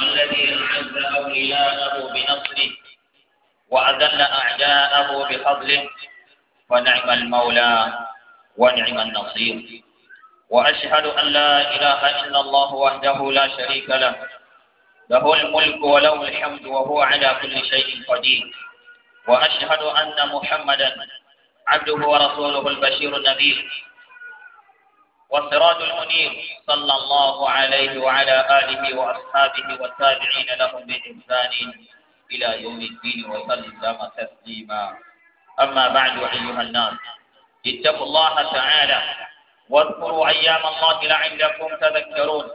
الذي أعز أولياءه بنصره وأذل أعداءه بفضله ونعم المولى ونعم النصير وأشهد أن لا إله إلا الله وحده لا شريك له له الملك وله الحمد وهو على كل شيء قدير وأشهد أن محمدا عبده ورسوله البشير النبي والسراج المنير صلى الله عليه وعلى آله وأصحابه والتابعين لهم بإحسان إلى يوم الدين وسلم تسليما أما بعد أيها الناس اتقوا الله تعالى واذكروا أيام الله لعلكم تذكرون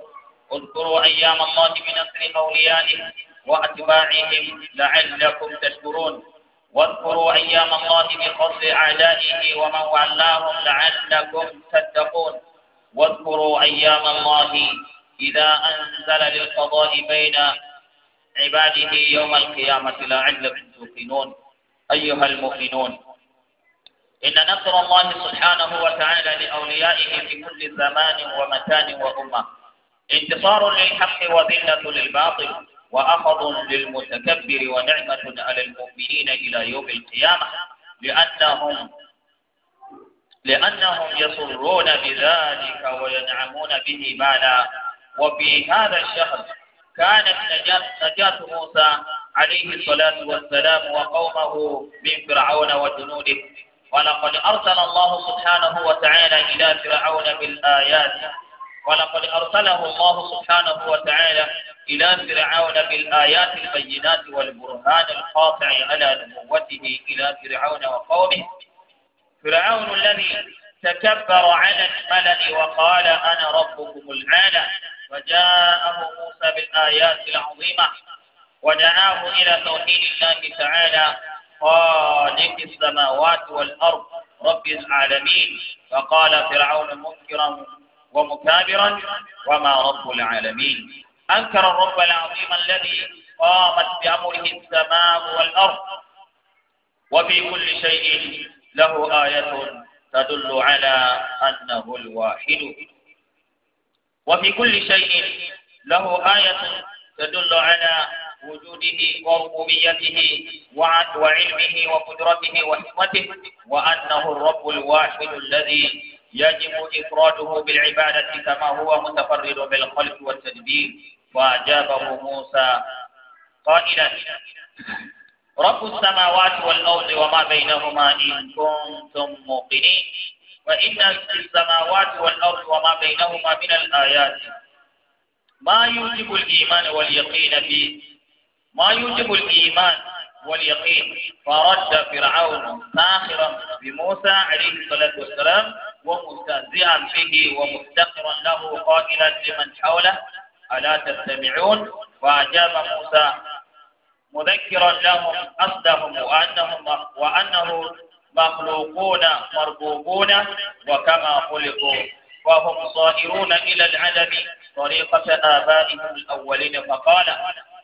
اذكروا أيام الله بنصر أوليائه وأتباعهم لعلكم تشكرون واذكروا أيام الله بخص أعدائه ومن ولاهم لعلكم تتقون واذكروا أيام الله إذا أنزل للقضاء بين عباده يوم القيامة لعلكم توقنون أيها المؤمنون إن نصر الله سبحانه وتعالى لأوليائه في كل زمان ومكان وأمة انتصار للحق وذلة للباطل وأخذ للمتكبر ونعمة على المؤمنين إلى يوم القيامة لأنهم لأنهم يسرون بذلك وينعمون به مالا وفي هذا الشهر كانت نجاة موسى عليه الصلاة والسلام وقومه من فرعون وجنوده ولقد أرسل الله سبحانه وتعالى إلى فرعون بالآيات ولقد أرسله الله سبحانه وتعالى إلى فرعون بالآيات البينات والبرهان القاطع على نبوته إلى فرعون وقومه فرعون الذي تكبر على الملأ وقال أنا ربكم الأعلى وجاءه موسى بالآيات العظيمة ودعاه إلى توحيد الله تعالى خالق السماوات والأرض رب العالمين فقال فرعون منكرا ومكابرا وما رب العالمين أنكر الرب العظيم الذي قامت بأمره السماء والأرض وفي كل شيء له آية تدل على أنه الواحد وفي كل شيء له آية تدل على وجوده وربوبيته وعلمه وقدرته وحكمته وأنه الرب الواحد الذي يجب إفراده بالعبادة كما هو متفرد بالخلق والتدبير وأجابه موسى قائلا رب السماوات والأرض وما بينهما إن كنتم موقنين وإن في السماوات والأرض وما بينهما من الآيات ما يوجب الإيمان واليقين في ما يوجب الإيمان واليقين فرد فرعون ساخرا بموسى عليه الصلاة والسلام ومستهزئا به ومفتقرا له قائلا لمن حوله ألا تستمعون فأجاب موسى مذكرا لهم قصدهم وأنهم وأنه مخلوقون مربوبون وكما خلقوا وهم صائرون إلى العدم طريقة آبائهم الأولين فقال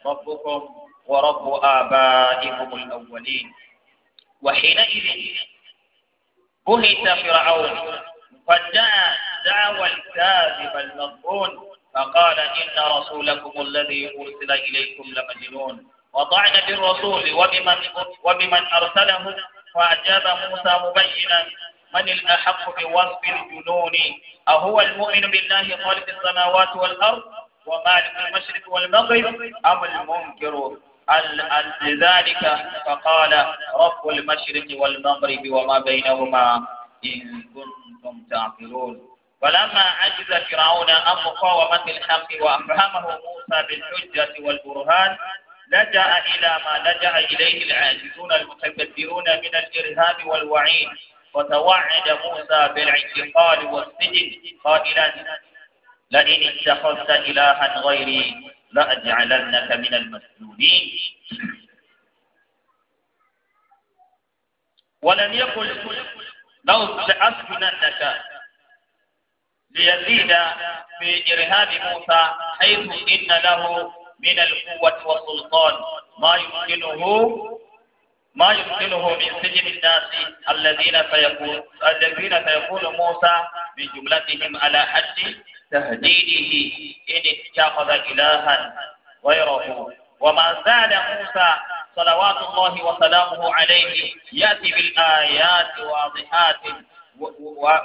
ربكم ورب آبائكم الأولين وحينئذ بهت فرعون فادعى دعوى الكاذب المظنون فقال إن رسولكم الذي أرسل إليكم لمجنون وطعن بالرسول وبمن وبمن ارسله فاجاب موسى مبينا من الاحق بوصف الجنون اهو المؤمن بالله خالق السماوات والارض ومالك المشرق والمغرب ام المنكر لذلك فقال رب المشرق والمغرب وما بينهما إن كنتم تعقلون فلما عجز فرعون عن مقاومة الحق وأفهمه موسى بالحجة والبرهان لجأ إلى ما لجأ إليه العاجزون المتكبرون من الإرهاب والوعيد وتوعد موسى بالاعتقال والسجن قائلا لئن اتخذت إلها غيري لأجعلنك من المسجونين ولم يقل لو لأسجننك ليزيد في إرهاب موسى حيث إن له من القوة والسلطان ما يمكنه ما يمكنه من سجن الناس الذين سيكون الذين سيكون موسى من جملتهم على حد تهديده إن اتخذ إلها غيره وما زال موسى صلوات الله وسلامه عليه يأتي بالآيات واضحات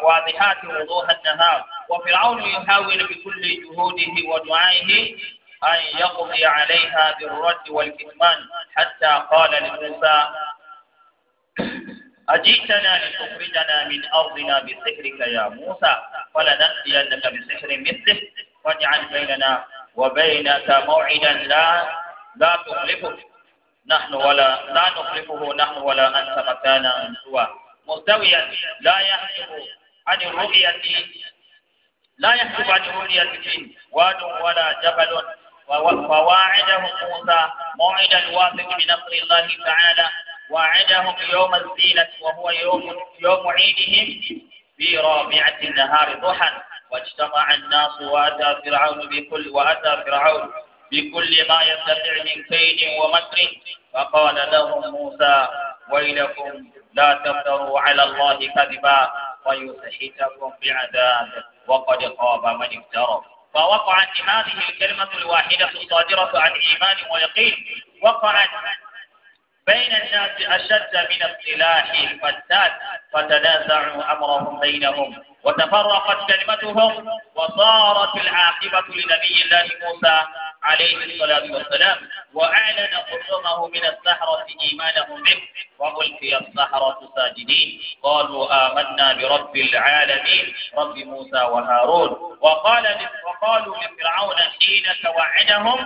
واضحات وضوح النهار وفرعون يحاول بكل جهوده ودعائه أن يقضي عليها بالرد والكتمان حتى قال لموسى أجئتنا لتخرجنا من أرضنا بسحرك يا موسى فلنأتينك بسحر مثله واجعل بيننا وبينك موعدا لا لا تخلفه نحن ولا لا نخلفه نحن ولا أنت مكانا سوى مستويا لا يحجب عن الرؤية لا يحجب عن الرؤية واد ولا جبل وواعده موسى موعدا واثق بنصر الله تعالى وعدهم يوم الزينة وهو يوم يوم عيدهم في رابعة النهار ضحى واجتمع الناس وأتى فرعون بكل وأتى فرعون بكل ما يستطيع من كيد ومكر فقال لهم موسى ويلكم لا تفتروا على الله كذبا فيسحتكم بعذاب وقد خاب من افترى فوقعت هذه الكلمة الواحدة الصادرة عن إيمان ويقين وقعت بين الناس أشد من السلاح الفتات فتنازعوا أمرهم بينهم وتفرقت كلمتهم وصارت العاقبة لنبي الله موسى عليه الصلاة والسلام وأعلن قدومه من السحرة إيمانه به وألقي السحرة ساجدين قالوا آمنا برب العالمين رب موسى وهارون وقال وقالوا لفرعون حين توعدهم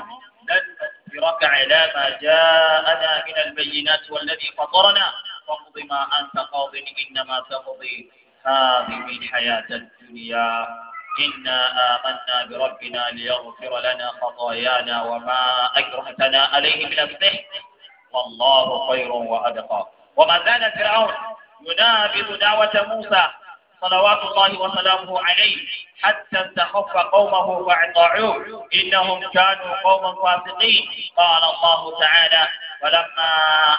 لن نصبرك على ما جاءنا من البينات والذي فطرنا فاقض ما أنت قاض إنما تقضي هذه الحياة الدنيا إنا آمنا بربنا ليغفر لنا خطايانا وما أكرهتنا عليه من السحر والله خير وأبقى وما زال فرعون ينابذ دعوة موسى صلوات الله وسلامه عليه حتى استخف قومه فاعطاعوه إنهم كانوا قوما فاسقين قال الله تعالى ولما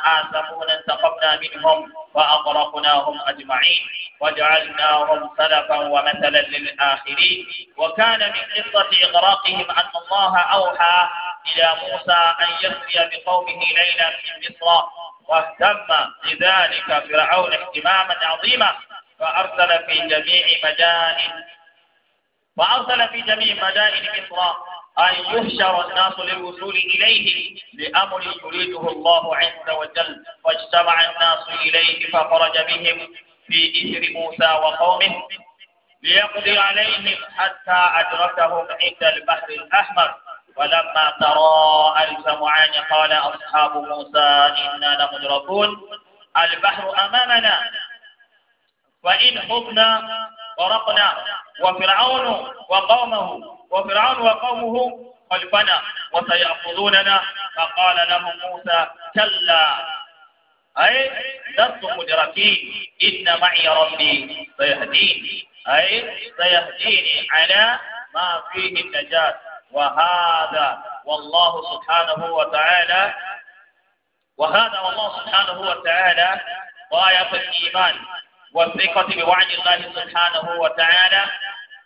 آسفونا انتقمنا منهم وأغرقناهم أجمعين وجعلناهم سلفا ومثلا للآخرين وكان من قصة إغراقهم أن الله أوحى إلى موسى أن يسري بقومه ليلا في مصر واهتم بذلك فرعون اهتماما عظيما فأرسل في جميع مدائن وأرسل في جميع مدائن مصر أن يحشر الناس للوصول إليه لأمر يريده الله عز وجل فاجتمع الناس إليه فخرج بهم في إثر موسى وقومه ليقضي عليهم حتى أدركهم عند البحر الأحمر ولما تراءى الجمعان قال أصحاب موسى إنا لمدركون البحر أمامنا وإن حبنا ورقنا وفرعون وقومه وفرعون وقومه خلفنا وسيأخذوننا فقال لهم موسى كلا أي لست مدركين إن معي ربي سيهديني أي سيهديني على ما فيه النجاة وهذا والله سبحانه وتعالى وهذا والله سبحانه وتعالى غاية الإيمان والثقة بوعد الله سبحانه وتعالى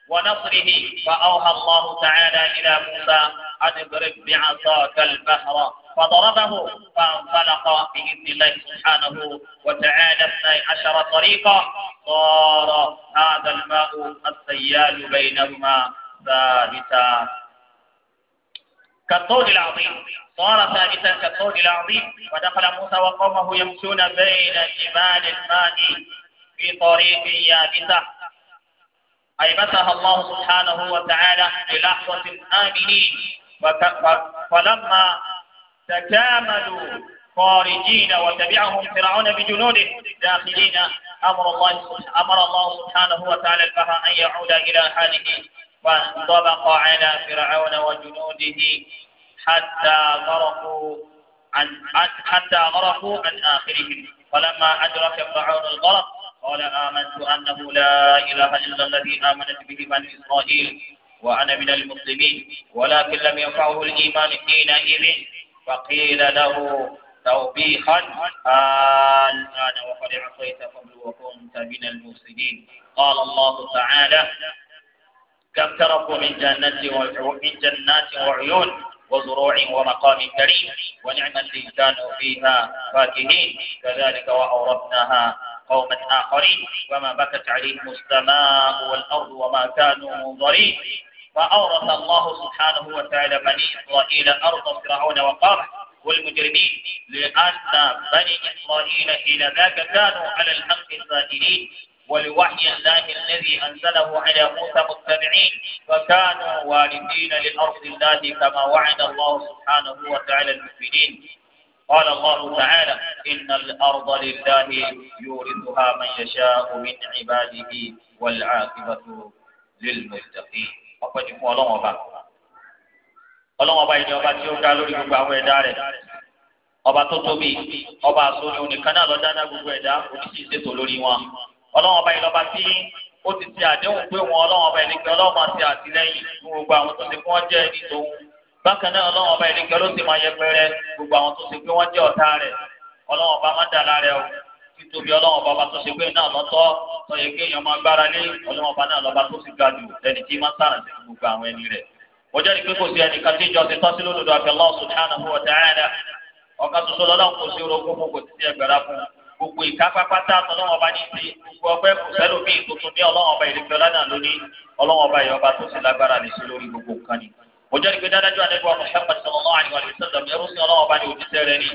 ونصره فأوحى الله تعالى إلى موسى أن اضرب بعصاك البحر فضربه فانطلق بإذن الله سبحانه وتعالى اثني عشر طريقا صار هذا الماء السيال بينهما ثابتا كالطول العظيم صار ثابتا كالطول العظيم ودخل موسى وقومه يمشون بين جبال الماء في طريق يابسة أيبسها الله سبحانه وتعالى بلحظة آمنين فلما تكاملوا خارجين وتبعهم فرعون بجنوده داخلين أمر الله أمر الله سبحانه وتعالى البهاء أن يعود إلى حاله وانطبق على فرعون وجنوده حتى غرقوا عن حتى غرقوا عن آخرهم فلما أدرك فرعون الغرق قال آمنت أنه لا إله إلا الذي آمنت به بني إسرائيل وأنا من المسلمين ولكن لم ينفعه الإيمان حينئذ فقيل له توبيخا الآن وقد عصيت قبل وكنت من المفسدين قال الله تعالى كم تركوا من جنات من جنات وعيون وزروع ومقام كريم ونعمة كانوا فيها فاكهين كذلك وأورثناها قوما آخرين وما بكت عليهم السماء والأرض وما كانوا منظرين فأورث الله سبحانه وتعالى بني إسرائيل أرض فرعون وقاره والمجرمين لأن بني إسرائيل إلى ذاك كانوا على الحق الزائرين ولوحي الله الذي أنزله على موسى متبعين وكانوا والدين لأرض الله كما وعد الله سبحانه وتعالى المؤمنين قال الله تعالى إن الأرض لله يورثها من يشاء من عباده والعاقبة للمتقين ọpẹ́ ni fún Ọlọ́run ọba Ọlọ́run ọba ìní ọba tí ó dá lórí gbogbo àwọn ẹ̀dá rẹ̀ ọba tó tóbi ọba àsọyìn onìkan náà lọ́ọ́ dáná gbogbo ẹ̀dá oníṣì ìṣètò lórí wọn Ọlọ́run ọba ìlọba tí ó ti ti àdéhùn pé wọn Ọlọ́run ọba ìlẹ̀kẹ́ Ọlọ́run àti àtìlẹ́yìn fún gbogbo àwọn tó ti fún ọ jẹ́ ẹni tó ń bákan náà ọlọ́wọ́n ọba ìdíkẹ́ ló sì máa yẹpẹrẹ gbogbo àwọn tó ṣe pé wọ́n jẹ́ ọ̀tá rẹ̀ ọlọ́wọ́n ọba má dà lára o títóbi ọlọ́wọ́n ọba tó ṣe pé náà lọ́tọ́ sọyẹ kéèyàn máa gbára lé ọlọ́wọ́n ọba náà lọ́ba tó sì ga jù ẹni tí máa sára sí gbogbo àwọn ẹni rẹ̀ ọjọ́ ìpè kò sí ẹnì kan tí ìjọ ti tọ́ sí lódodo gbogbo ní ti gbogbo ọgbẹ́ kò ní ọlọ́wọ́n ọba ìrìnkẹ́ ọjọ́ ìgbé dáadájú àdébọ̀ Muhammad sallallahu alaihi wa sallam ẹrú sí ọlọ́wọ́ bá ní òjíṣẹ́ rẹ̀ ni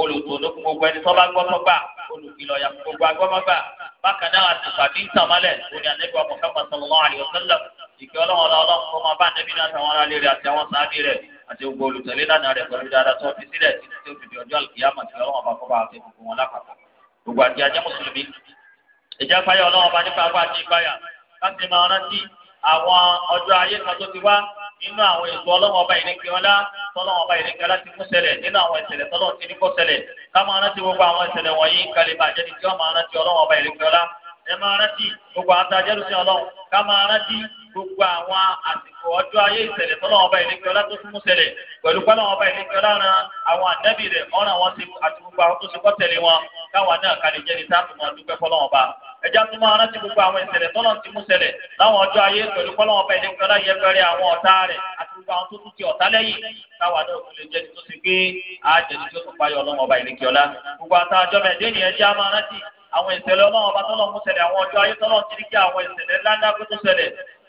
olùtò lókun gbogbo ẹni tọ́ba gbọ́mọ́gbà olùkìlọ̀ ya gbogbo agbọ́mọ́gbà bákan náà àti pàdé ìtàmọ́lẹ̀ lórí àdébọ̀ Muhammad sallallahu alaihi wa sallam ìkẹ́ ọlọ́wọ́ ọlọ́wọ́ kó máa bá àdébí náà àtàwọn ará léèrè àti àwọn sáábì rẹ̀ àti gbogbo olùtẹ̀lé lánàá rẹ̀ pẹ̀lú dáadáa tó fi sílẹ̀ títí tó fi di ọjọ́ àlùkìyàmọ̀ tí ọlọ́wọ́ bá nínú àwọn ètò ọlọ́wọ́n ọba ìrìnkè ọlá tọ́lọ́wọ́n ọba ìrìnkè ọlá ti fún ṣẹlẹ̀ nínú àwọn ìṣẹ̀lẹ̀ tọ́lọ́wọ́n ti ní kó ṣẹlẹ̀ ká máa rántí gbogbo àwọn ìṣẹ̀lẹ̀ wọ̀nyí kalẹ̀ bàjẹ́ ni kí wọ́n máa rántí ọlọ́wọ́n ọba ìrìnkè ọlá ẹ máa rántí gbogbo àtàjẹ́rùsìn ọlọ́run ká máa rántí gbogbo àwọn àsìkò ọjọ́ ayé ìṣẹ̀lẹ̀ tó lọ́wọ́ ọba ìlẹ́kẹ́ ọlá tó fún ṣẹlẹ̀ pẹ̀lú pẹ́ lọ́wọ́ ọba ìlẹ́kẹ́ ọlá ran àwọn ànábì rẹ̀ ọ̀ràn wọn ti àti gbogbo àwọn tó ṣe kọ́ tẹ̀lé wọn káwọn náà kà lè jẹ́ni táàbù máa dúpẹ́ fọlọ́wọ́ ọba ẹja tó máa rántí gbogbo àwọn ìṣẹ̀lẹ̀ tọ́lọ̀ ti mú ṣẹlẹ̀ láwọn ọjọ́ ayé pẹ̀lú fọlọ́wọ́ ọba ìlẹ́kẹ́ ọlá yẹ fẹ́rẹ́ àwọn ọ̀tá rẹ̀ àti gbogbo àwọn tó tún ti ọ̀tá lẹ́yìn káwọn náà tún lè jẹ́ tó ṣe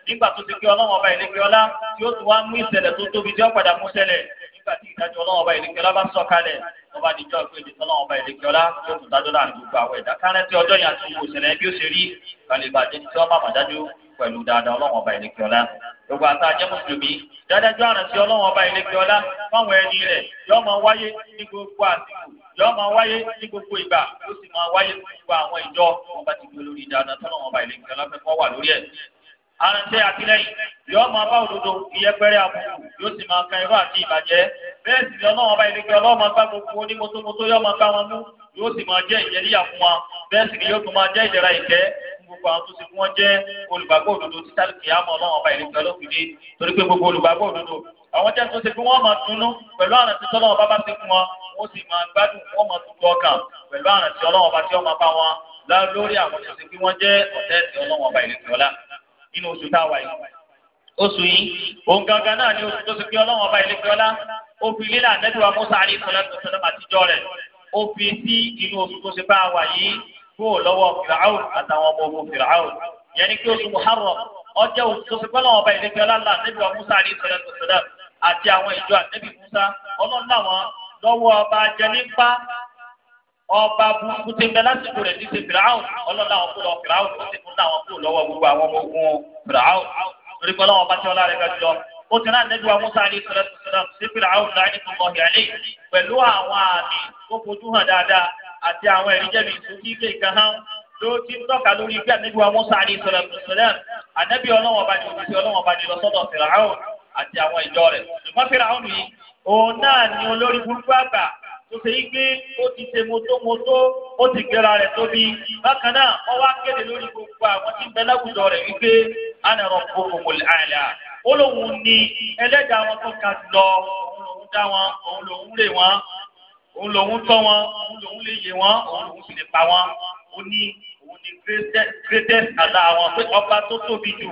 nígbà tó ti kí ọlọ́wọ́n ọba ìlẹ́kí ọlá tí ó ti wá mú ìṣẹ̀lẹ̀ tó tóbi tí ó padà mú ṣẹlẹ̀ nígbà tí ìdájọ́ ọlọ́wọ́n ọba ìlẹ́kí ọlá bá sọ kalẹ̀ ọba àdìjọ́ ìpèdè ọlọ́wọ́n ọba ìlẹ́kí ọlá yóò tún dájọ́ láàrin gbogbo àwọn ẹ̀dá kárẹ́ tí ọjọ́ yẹn àti gbogbo ìṣẹ̀lẹ̀ bí ó ṣe rí balẹ̀bàjẹ́ tí wọ́n máa dájú pẹ̀lú dáadáa ọlọ́wọ́n ọba ìlẹ́kí ọlá gbogbo àti ajẹ́ mùsùlùmí dáadájú àrùn sí ọlọ́wọ́n ọba ìlẹ́kí ọlá fáwọn ẹni rẹ̀ yóò máa wáyé ní gbogbo àsìkò yóò máa wáyé ní gbogbo ìgbà ó sì máa wáyé ní gbogbo àwọn ìjọ wọn ti gbé lórí dáadáa tọ́lọ́wọ́n ọba ìlẹ́kí ọlá fẹ́ kọ́ wà lórí ẹ̀ aránṣẹ́ àtìlẹ́yìn yóò máa bá òdodo ìyẹpẹrẹ àbùkù yóò sì máa ka irọ́ àti ìbàjẹ́ bẹ́ẹ̀ sì ni ọlọ́run ọba ìlẹ́kẹ́ ọlọ́run máa bá gbogbo onímọ́tómọ́tó yóò máa bá wọn mú yóò sì máa jẹ́ ìjẹ́níyà fún wa bẹ́ẹ̀ sì ni yóò tún máa jẹ́ ìjẹ́ra ìkẹ́ fún gbogbo àwọn tó ti fún wọn jẹ́ olùgbàgbọ́ òdodo títà kìámọ̀ ọlọ́run ọba ìlẹ́kẹ́ ọlọ́kùnrin torí pé gbogbo olùgbàgbọ́ òdodo àwọn jẹ́ tó ṣe pé wọ́n máa dunnú pẹ̀lú àrùn tí tọ́lọ́wọ́ bá bá ti fún wọn wọ́n sì máa gbádùn wọ́n máa tutù ọkàn pẹ̀lú àrùn tí ọlọ́wọ́ bá tí wọ́n bá wọn lórí àwọn tó ṣe pé jẹ́ ọ̀tẹ́ẹ̀tì ọlọ́wọ́ ọba ìlẹ̀kẹ́ ọlá nínú oṣù tá a wà yìí oṣù yìí òun gangan náà ni oṣù tó ti fi ọlọ́wọ́n ọba ilé fiọlá ó fi lílà ànẹ́dùwà musa àrí ìfọlá tó sọdọ́ àtijọ́ rẹ̀ ó fi sí inú oṣù tó ti bá a wà yìí kúrò lọ́wọ́ fìràhùn àtàwọn ọmọ ogun fìràhùn yẹn ni kí oṣù muharram ọjọ́ oṣù tó ti fi ọlọ́wọ́n ọba ilé fiọlá là ànẹ́dùwà musa àrí ìfọlá tó sọdọ́ àti ọba burúkú tẹ bẹ lásìkò rẹ̀ ní ti fìràwùn ọlọ́lá àwọn kúlọ̀ fìràwùn ó sì fún àwọn kúlọ̀ lọ́wọ́ gbogbo àwọn ọmọ ogun fìràwùn torí pé ọlọ́wọ́ bá tí ọlá rẹ̀ ga jùlọ ó ti rán nẹ́gbẹ́ musa alẹ́ sọ̀rọ̀ sọ̀rọ̀ sí fìràwùn láàyè tó mọ̀ yàlẹ́ pẹ̀lú àwọn àmì tó fojú hàn dáadáa àti àwọn ẹ̀rí jẹ́bi ìsúkí kéèkan hàn ló ti ń tọ́ka lórí bí anẹ́gbẹ́ musa alẹ́ sọ̀rọ̀ sọ̀rọ̀ ànẹ́bí ọlọ́wọ́ bá ní òbí ọlọ́wọ́ bá ní lọ sọ́dọ̀ fìràwùn àti àwọn ìjọ rẹ̀ ṣùgbọ́n ni olórí burúkú àgbà tó ṣe yí pé ó ti ṣe mọ́tómọ́tó ó ti gbéra rẹ̀ tóbi bákan náà wọ́n wá kéde lórí gbogbo àwọn tí ń bẹ láwùjọ rẹ̀ wípé ana rabbukumul a'la ó lóun ní ẹlẹ́dàá wọn tó ga lọ òun lòun dá wọn òun lòun rè wọn òun lòun tọ́ wọn òun lòun lè yè wọn òun lòun sì lè pa wọn ó ní òun ní greatest àlá wọn pé ọba tó tóbi jù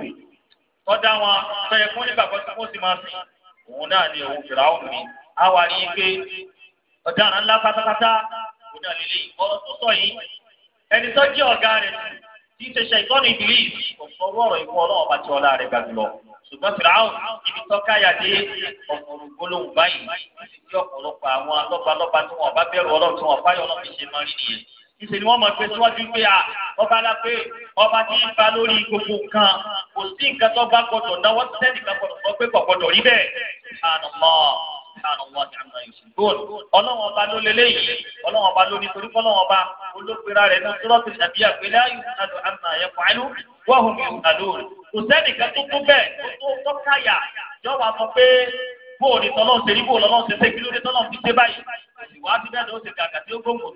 tọ́dá wọn tọ́yẹ fún nígbàgbọ́ tí wọ́n sì máa sìn òun náà ni òun fìrà òun ní àwa ní pé ọ̀daràn ńlá pátápátá ọ̀dà lílé ọ̀rọ̀ tó sọ yìí ẹni tó jẹ́ ọ̀gá rẹ̀ tí í ṣe ṣàìtọ́nù ìbílí ọ̀sọ̀rọ̀ ọ̀rọ̀ ìfún ọlọ́run bá ti ọlá rẹ̀ ga jùlọ. ṣùgbọ́n fìràwọ̀ ibi tó káyà dé ọ̀pọ̀lọpọ̀ gbólóhùn báyìí tí ọ̀pọ̀lọpọ̀ àwọn lọ́balọ́ba tí wọ́n bá bẹ̀rù ọlọ́run tí wọ́n fáyọ̀ ọlọ́run ṣe máa rí nìyẹn. ìṣe ni wọ́n mọ̀ pé síwájú pé à ọba alápè ọba tí ń ba lórí gbogbo nǹkan kò sí nǹkan tó bá gbọdọ̀ náwó sẹ́nìkan gbọdọ̀ sọ pé kò gbọdọ̀ rí bẹ́ẹ̀ subhanallahi amma yushrikun ọlọ́wọ́n ọba ló lélẹ́yìí ọlọ́wọ́n ọba ló ní torí kọ́lọ́wọ́n ọba olóògbéra rẹ̀ náà sọ́rọ́tì àbíyá pé láàyè ìsúnadù àmà ẹ̀fọ́ àlù wọ́ọ̀hùn ìsúnadù rẹ̀ kò sẹ́nìkan tó tó bẹ́ẹ̀ tó tó káyà jọ́wọ́ àmọ́ pé bóò ni tọ́lọ́ ń ṣerí bóò lọ́lọ́ ń ṣe tẹ́kí lórí tọ́lọ́ ń fi ṣe báyìí ìwádìí bẹ́ẹ̀ ló ṣe gàgà tí ó gbóngbò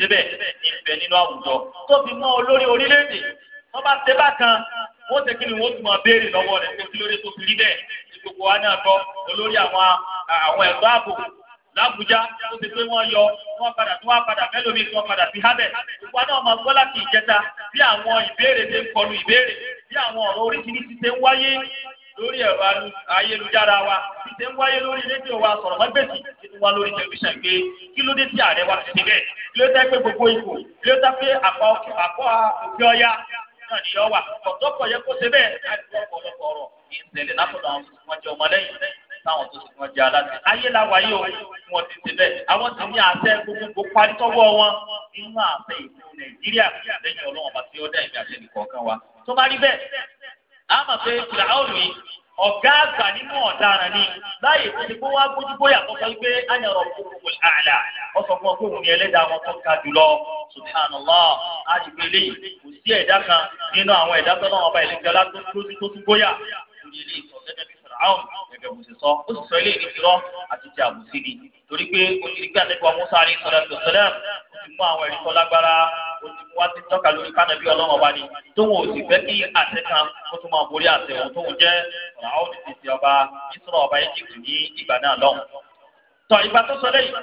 síbẹ̀ ìfẹ́ nínú àwùjọ tó fi mọ́ olórí orílẹ̀-èdè wọ́n bá ṣe bákan wọ́n ṣe kí ni wọ́n tún máa béèrè lọ́wọ́ rẹ̀ pé kí lóore tó fi rí bẹ́ẹ̀ ní gbogbo wa náà gbọ́ olórí àwọn àwọn ẹ̀gbọ́n ààbò làbújá ó ti pé wọ́n yọ wọ́n padà tí wọ́n padà mẹ́lòmíì tí wọ́n padà sí hábẹ̀ gbogbo náà máa gbọ́ láti ìjẹta bí àwọn ìbéèrè ṣe ń kọlu ìbéèrè bí àwọn ọ̀rọ̀ oríṣiríṣi ṣe ń wáyé lórí ẹ̀rọ ayélujára wa tí tẹ́ ń wáyé lórí rédíò wa sọ̀rọ̀ mọ́gbèsì tí ń wá lórí tẹlifíṣàn gbé kí ló dé tí ààrẹ wa ti bẹ̀ kí ló dé pé gbogbo ipò kí ló dé pé àpá òkè ọya náà ni yọ wà ọ̀tọ́pọ̀ yẹ kó ṣe bẹ́ẹ̀ láti wọ́n ọ̀pọ̀lọpọ̀ ọ̀rọ̀ ìṣẹ̀lẹ̀ látọ̀dọ̀ àwọn tó wọ́n jẹ ọmọlẹ́yìn táwọn tó ti wọ́n jẹ aláṣẹ. o wọn ti ṣe bẹ́ẹ̀ àwọn ti ní àṣẹ gbogbo parí tọ́wọ́ wọn nínú àṣẹ ìlú nàìjíríà a mọ̀ pé fìràwọ̀n yìí ọ̀gá àgbà nínú ọ̀daràn ni láyé tó ti kó wá gbójú bóyá tó sọ pé ayọ̀rọ̀ fúnfún àlà wọ́n sọ fún ọ pé òun ni ẹlẹ́dàá wọn tó ga jùlọ subhanallah á ti gbé lé kò sí ẹ̀dá kan nínú àwọn ẹ̀dá tó náà ọba ìlẹ́jọ́ látó tó tún bóyá lórí ilé ìtọ́ gẹ́gẹ́ bí fìràwọ̀n gẹ́gẹ́ bó ṣe sọ ó sì sọ ilé ìdíkìrọ́ àti ti àbùsí ni torí pé onídìgbà nípa musa alayhi salatu wa salam ó ti mú àwọn ẹ̀rí wá ti tọ́ka lórí kánàbí ọlọ́run ọba ni tóun ò sì fẹ́ kí àṣẹ kan kó tún máa borí àṣẹ òun tóun jẹ́ ràó ní ti ti ọba ìṣúná ọba egypt ní ìgbà náà lọ́hùn. tọ ìgbà tó sọ lẹ́yìn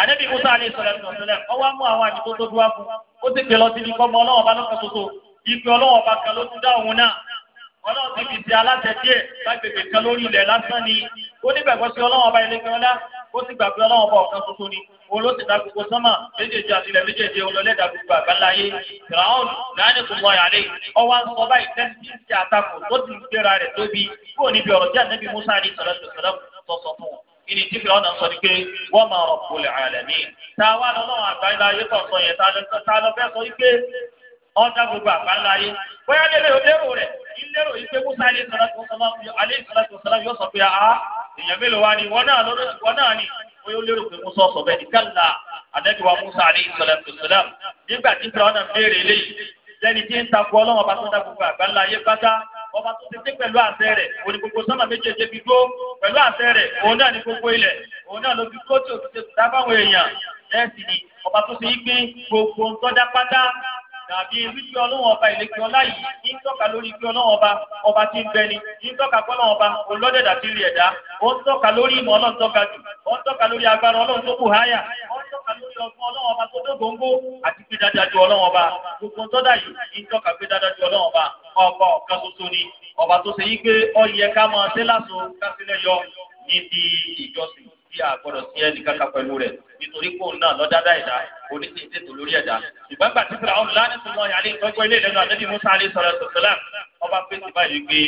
ànábì musa alayhi salatu wa salam ọwọ́ àwọn àdìgbò tó dúwà fún ó sì pè lọ sí ibi kọ́mọ ọba lọ́kàn ṣoṣo ibi ọlọ́run ọba kan ló tún dá òun náà ọlọ́run ti fi ti aláṣẹ díẹ̀ lágbègbè kan lórí ilẹ̀ lásán ni ó nígbàgbọ́ sí ọlọ́run ọba ilé kan lá ó sì gbàgbé ọlọ́run bọ̀ ọ̀kan tuntun ni olóòtú dá gbogbo sọ́mà méjèèjì àtìlẹ̀ méjèèjì olólẹ́dà gbogbo àgbáláyé fìràhùn láàánú tó wọ àyàlẹ́ ọwọ́ ń sọ báyìí tẹ́lẹ̀ tí ń ṣe àtakò tó ti gbéra rẹ̀ tóbi kó níbi ọ̀rọ̀ tí ànábì Musa ní sọ̀rọ̀ sọ̀rọ̀ sọ̀sọ̀ fún wọn ìní tí fìlà ọ̀nà sọ ni pé wọ́n máa rọ̀ kulẹ̀ àlẹ́mí. táwa lọ́lọ́run àgbáńlá ayé kan sọ yẹn tá a lọ èèyàn mélòó wá ní wọn náà ní bóyá ó lérò pé musa sọ bẹ́ẹ̀ nìkàlà àdẹ́gbẹ̀wá musa àlẹ́ ìsọlẹ̀mùsọlẹ̀m nígbà tí fúlàwọn náà béèrè léyìí lẹ́ni tí ń takò ọlọ́wọ́n bá tó dá gbogbo àgbáńlá ayé pátá ọba tó ti dé pẹ̀lú àṣẹ rẹ̀ òní gbogbo sọ́mà méjèèjì fi dúró pẹ̀lú àṣẹ rẹ̀ òun náà ní gbogbo ilẹ̀ òun náà ló fi dúró tí òkúté dábàwọn èèyàn ẹ̀sìn ni ọba tó ti yí pé gbogbo ń tọ́já pátá tàbí wípé ọlọ́wọ́n ọba ìlẹ́kì ọlá yìí ní tọ́ka lórí pé ọlọ́wọ́n ọba ọba tí ń bẹ ni ní tọ́ka pọ́lọ́wọ́n ọba olódẹ̀dà ti rí ẹ̀dá ó ń tọ́ka lórí ìmọ̀ ọlọ́run tó ga jù ó ń tọ́ka lórí agbára ọlọ́run tó kù háyà ó ń tọ́ka lórí ọgbọ́n ọlọ́run ọba tó dógóńgó àti pé dáadáa ju ọlọ́run ọba gbogbo tọ́dà yìí ní tọ́ka pé dáadáa ju ọlọ́run ọba ọba ọ̀kan tuntun ni ọba tó ṣe yí pé ó tí a gbọ́dọ̀ sí ẹnì kankan pẹ̀lú rẹ̀ nítorí kóun náà lọ dáadáa ẹ̀dá oníṣẹ́ ìṣètò lórí ẹ̀dá ṣùgbọ́n gbà tí fúlàwọn lánàá tó lọ yàrá ìtọ́jú ilé ìlẹ́nu àtẹ́bí musa alẹ́ sọ̀rọ̀ sọ̀tẹ́lá ọba fèsì báyìí gbé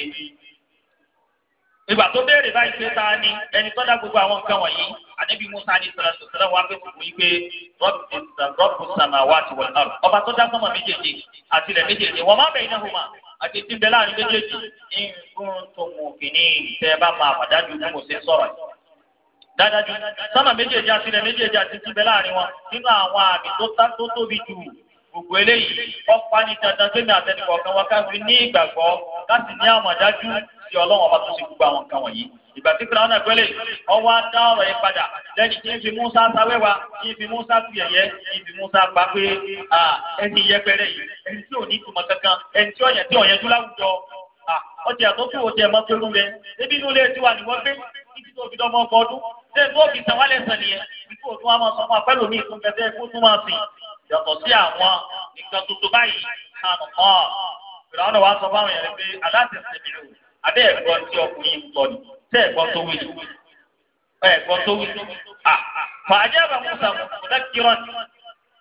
ìgbà tó béèrè báyìí pé ta ni ẹni tó dá gbogbo àwọn nǹkan wọ̀nyí ànábì musa alẹ́ sọ̀rọ̀ sọ̀tẹ́lá wà pé fún yín pé rọ́pù sàmà wà ti wọ̀ náà ọba tó dá sọ́mọ méjèèjì àti ilẹ̀ méjèèjì wọ́n má bẹ̀yìn náà àti ti bẹ láàrin méjèèjì ní nǹkan tó mú kìíní tẹ́ bá máa pàdájú bí mo sọ̀rọ̀ yìí dájájú sábà méjèèjì àti ilẹ̀ méjèèjì àti tìbẹ̀ láàrin wọn nínú àwọn àmì tó tá tó tóbi jù gbogbo eléyìí ọ̀pá ní dandan sẹ́mi àtẹnukọ̀ọ̀kan wa káfí ní ìgbàgbọ́ láti ní àwọn àdájú sí ọlọ́wọ́n ọba tó ṣe gbogbo àwọn nǹkan wọ̀nyí ìgbà tí fúnra náà gbẹ́lẹ̀ ọwọ́ á dá ọ̀rọ̀ yẹn padà lẹ́yìn tí ń fi Musa sáwẹ́wà ń fi Musa fi ẹ̀yẹ ń fi Musa pa pé ẹni yẹpẹrẹ yìí ẹni tí ò ní ìtumọ̀ kankan ẹni tí ọ̀yẹ̀ tí ọ̀yẹ̀ ni wọ́n gbé ibi tó fi dọ́mọ ọkọ ọdún ṣé tó fi sàwálẹ̀ sẹ̀lẹ̀ yẹn ipò tó wà máa sọ fún apẹ́lò mi ìkún kẹfẹ́ kó tó máa sìn yàtọ̀ sí àwọn nǹkan tuntun báyìí àmọ́ ìrànlọ́ wa sọ fáwọn yẹn pé aláṣẹ sẹ̀lẹ̀ o abẹ́ ẹ̀gbọ́n tí ọkùnrin ń tọ́ ni tẹ́ ẹ̀gbọ́n tó wí ẹ̀gbọ́n tó wí fàájẹ́ bá musa mọ̀dákìrán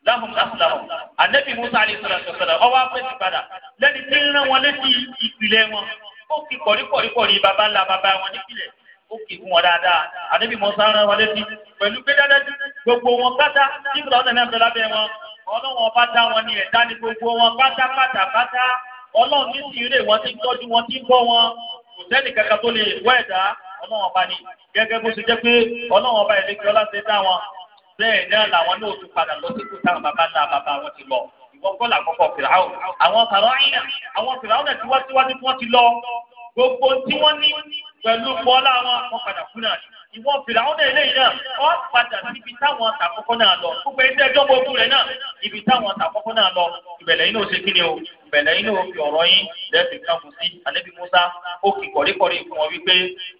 láhùn láhùn ànẹ́bí musa alẹ́ sọ̀rọ̀ sọ̀rọ̀ ọwọ́ apẹ́sì padà lẹ́ni tí ń rán wọn létí ìpìlẹ̀ wọn ó fi ńlá baba wọn nípìlẹ̀ ó kì í fún wọn dáadáa ànábì Mùsá rán wọn létí pẹ̀lú pé gbogbo wọn pátá tí ìgbà ọ̀sẹ̀ náà bẹ̀rẹ̀ abẹ́ wọn ọlọ́wọ́n bá wọn ní ẹ̀dá ní gbogbo wọn pátá pátá pátá ọlọ́run ní sì wọn ti tọ́jú wọn ti bọ́ wọn kò sẹ́ni kankan tó lè wọ́ ẹ̀dá ọlọ́wọ́n bá ní gẹ́gẹ́ bó ṣe jẹ́ pé ọlọ́wọ́n bá ẹ̀lẹ́kẹ́ ọlá dá wọn bẹ́ẹ̀ náà làwọn náà tún padà lọ sí kúta bàbá náà bàbá wọn ti lọ ìwọ́n kọ́ fìràwọ̀ àwọn fìràwọ̀ àwọn fìràwọ̀ náà ti tí wọ́n ti lọ gbogbo tí wọ́n ní pẹ̀lú bọ́lá wọn wọn padà kú náà ìwọ fìlà àwọn eléyìí náà wọn padà síbi táwọn àtàkọ́kọ́ náà lọ gbogbo ẹgbẹ́ ẹjọ́ gbogbo rẹ̀ náà ibi táwọn àtàkọ́kọ́ náà lọ ìbẹ̀lẹ̀ yìí náà ṣe kíni o ìbẹ̀lẹ̀ yìí o fi ọ̀rọ̀ yín lẹ́sìn kan kù sí alẹ́bí Musa ó kì kọ̀ríkọ̀rí fún wọn wípé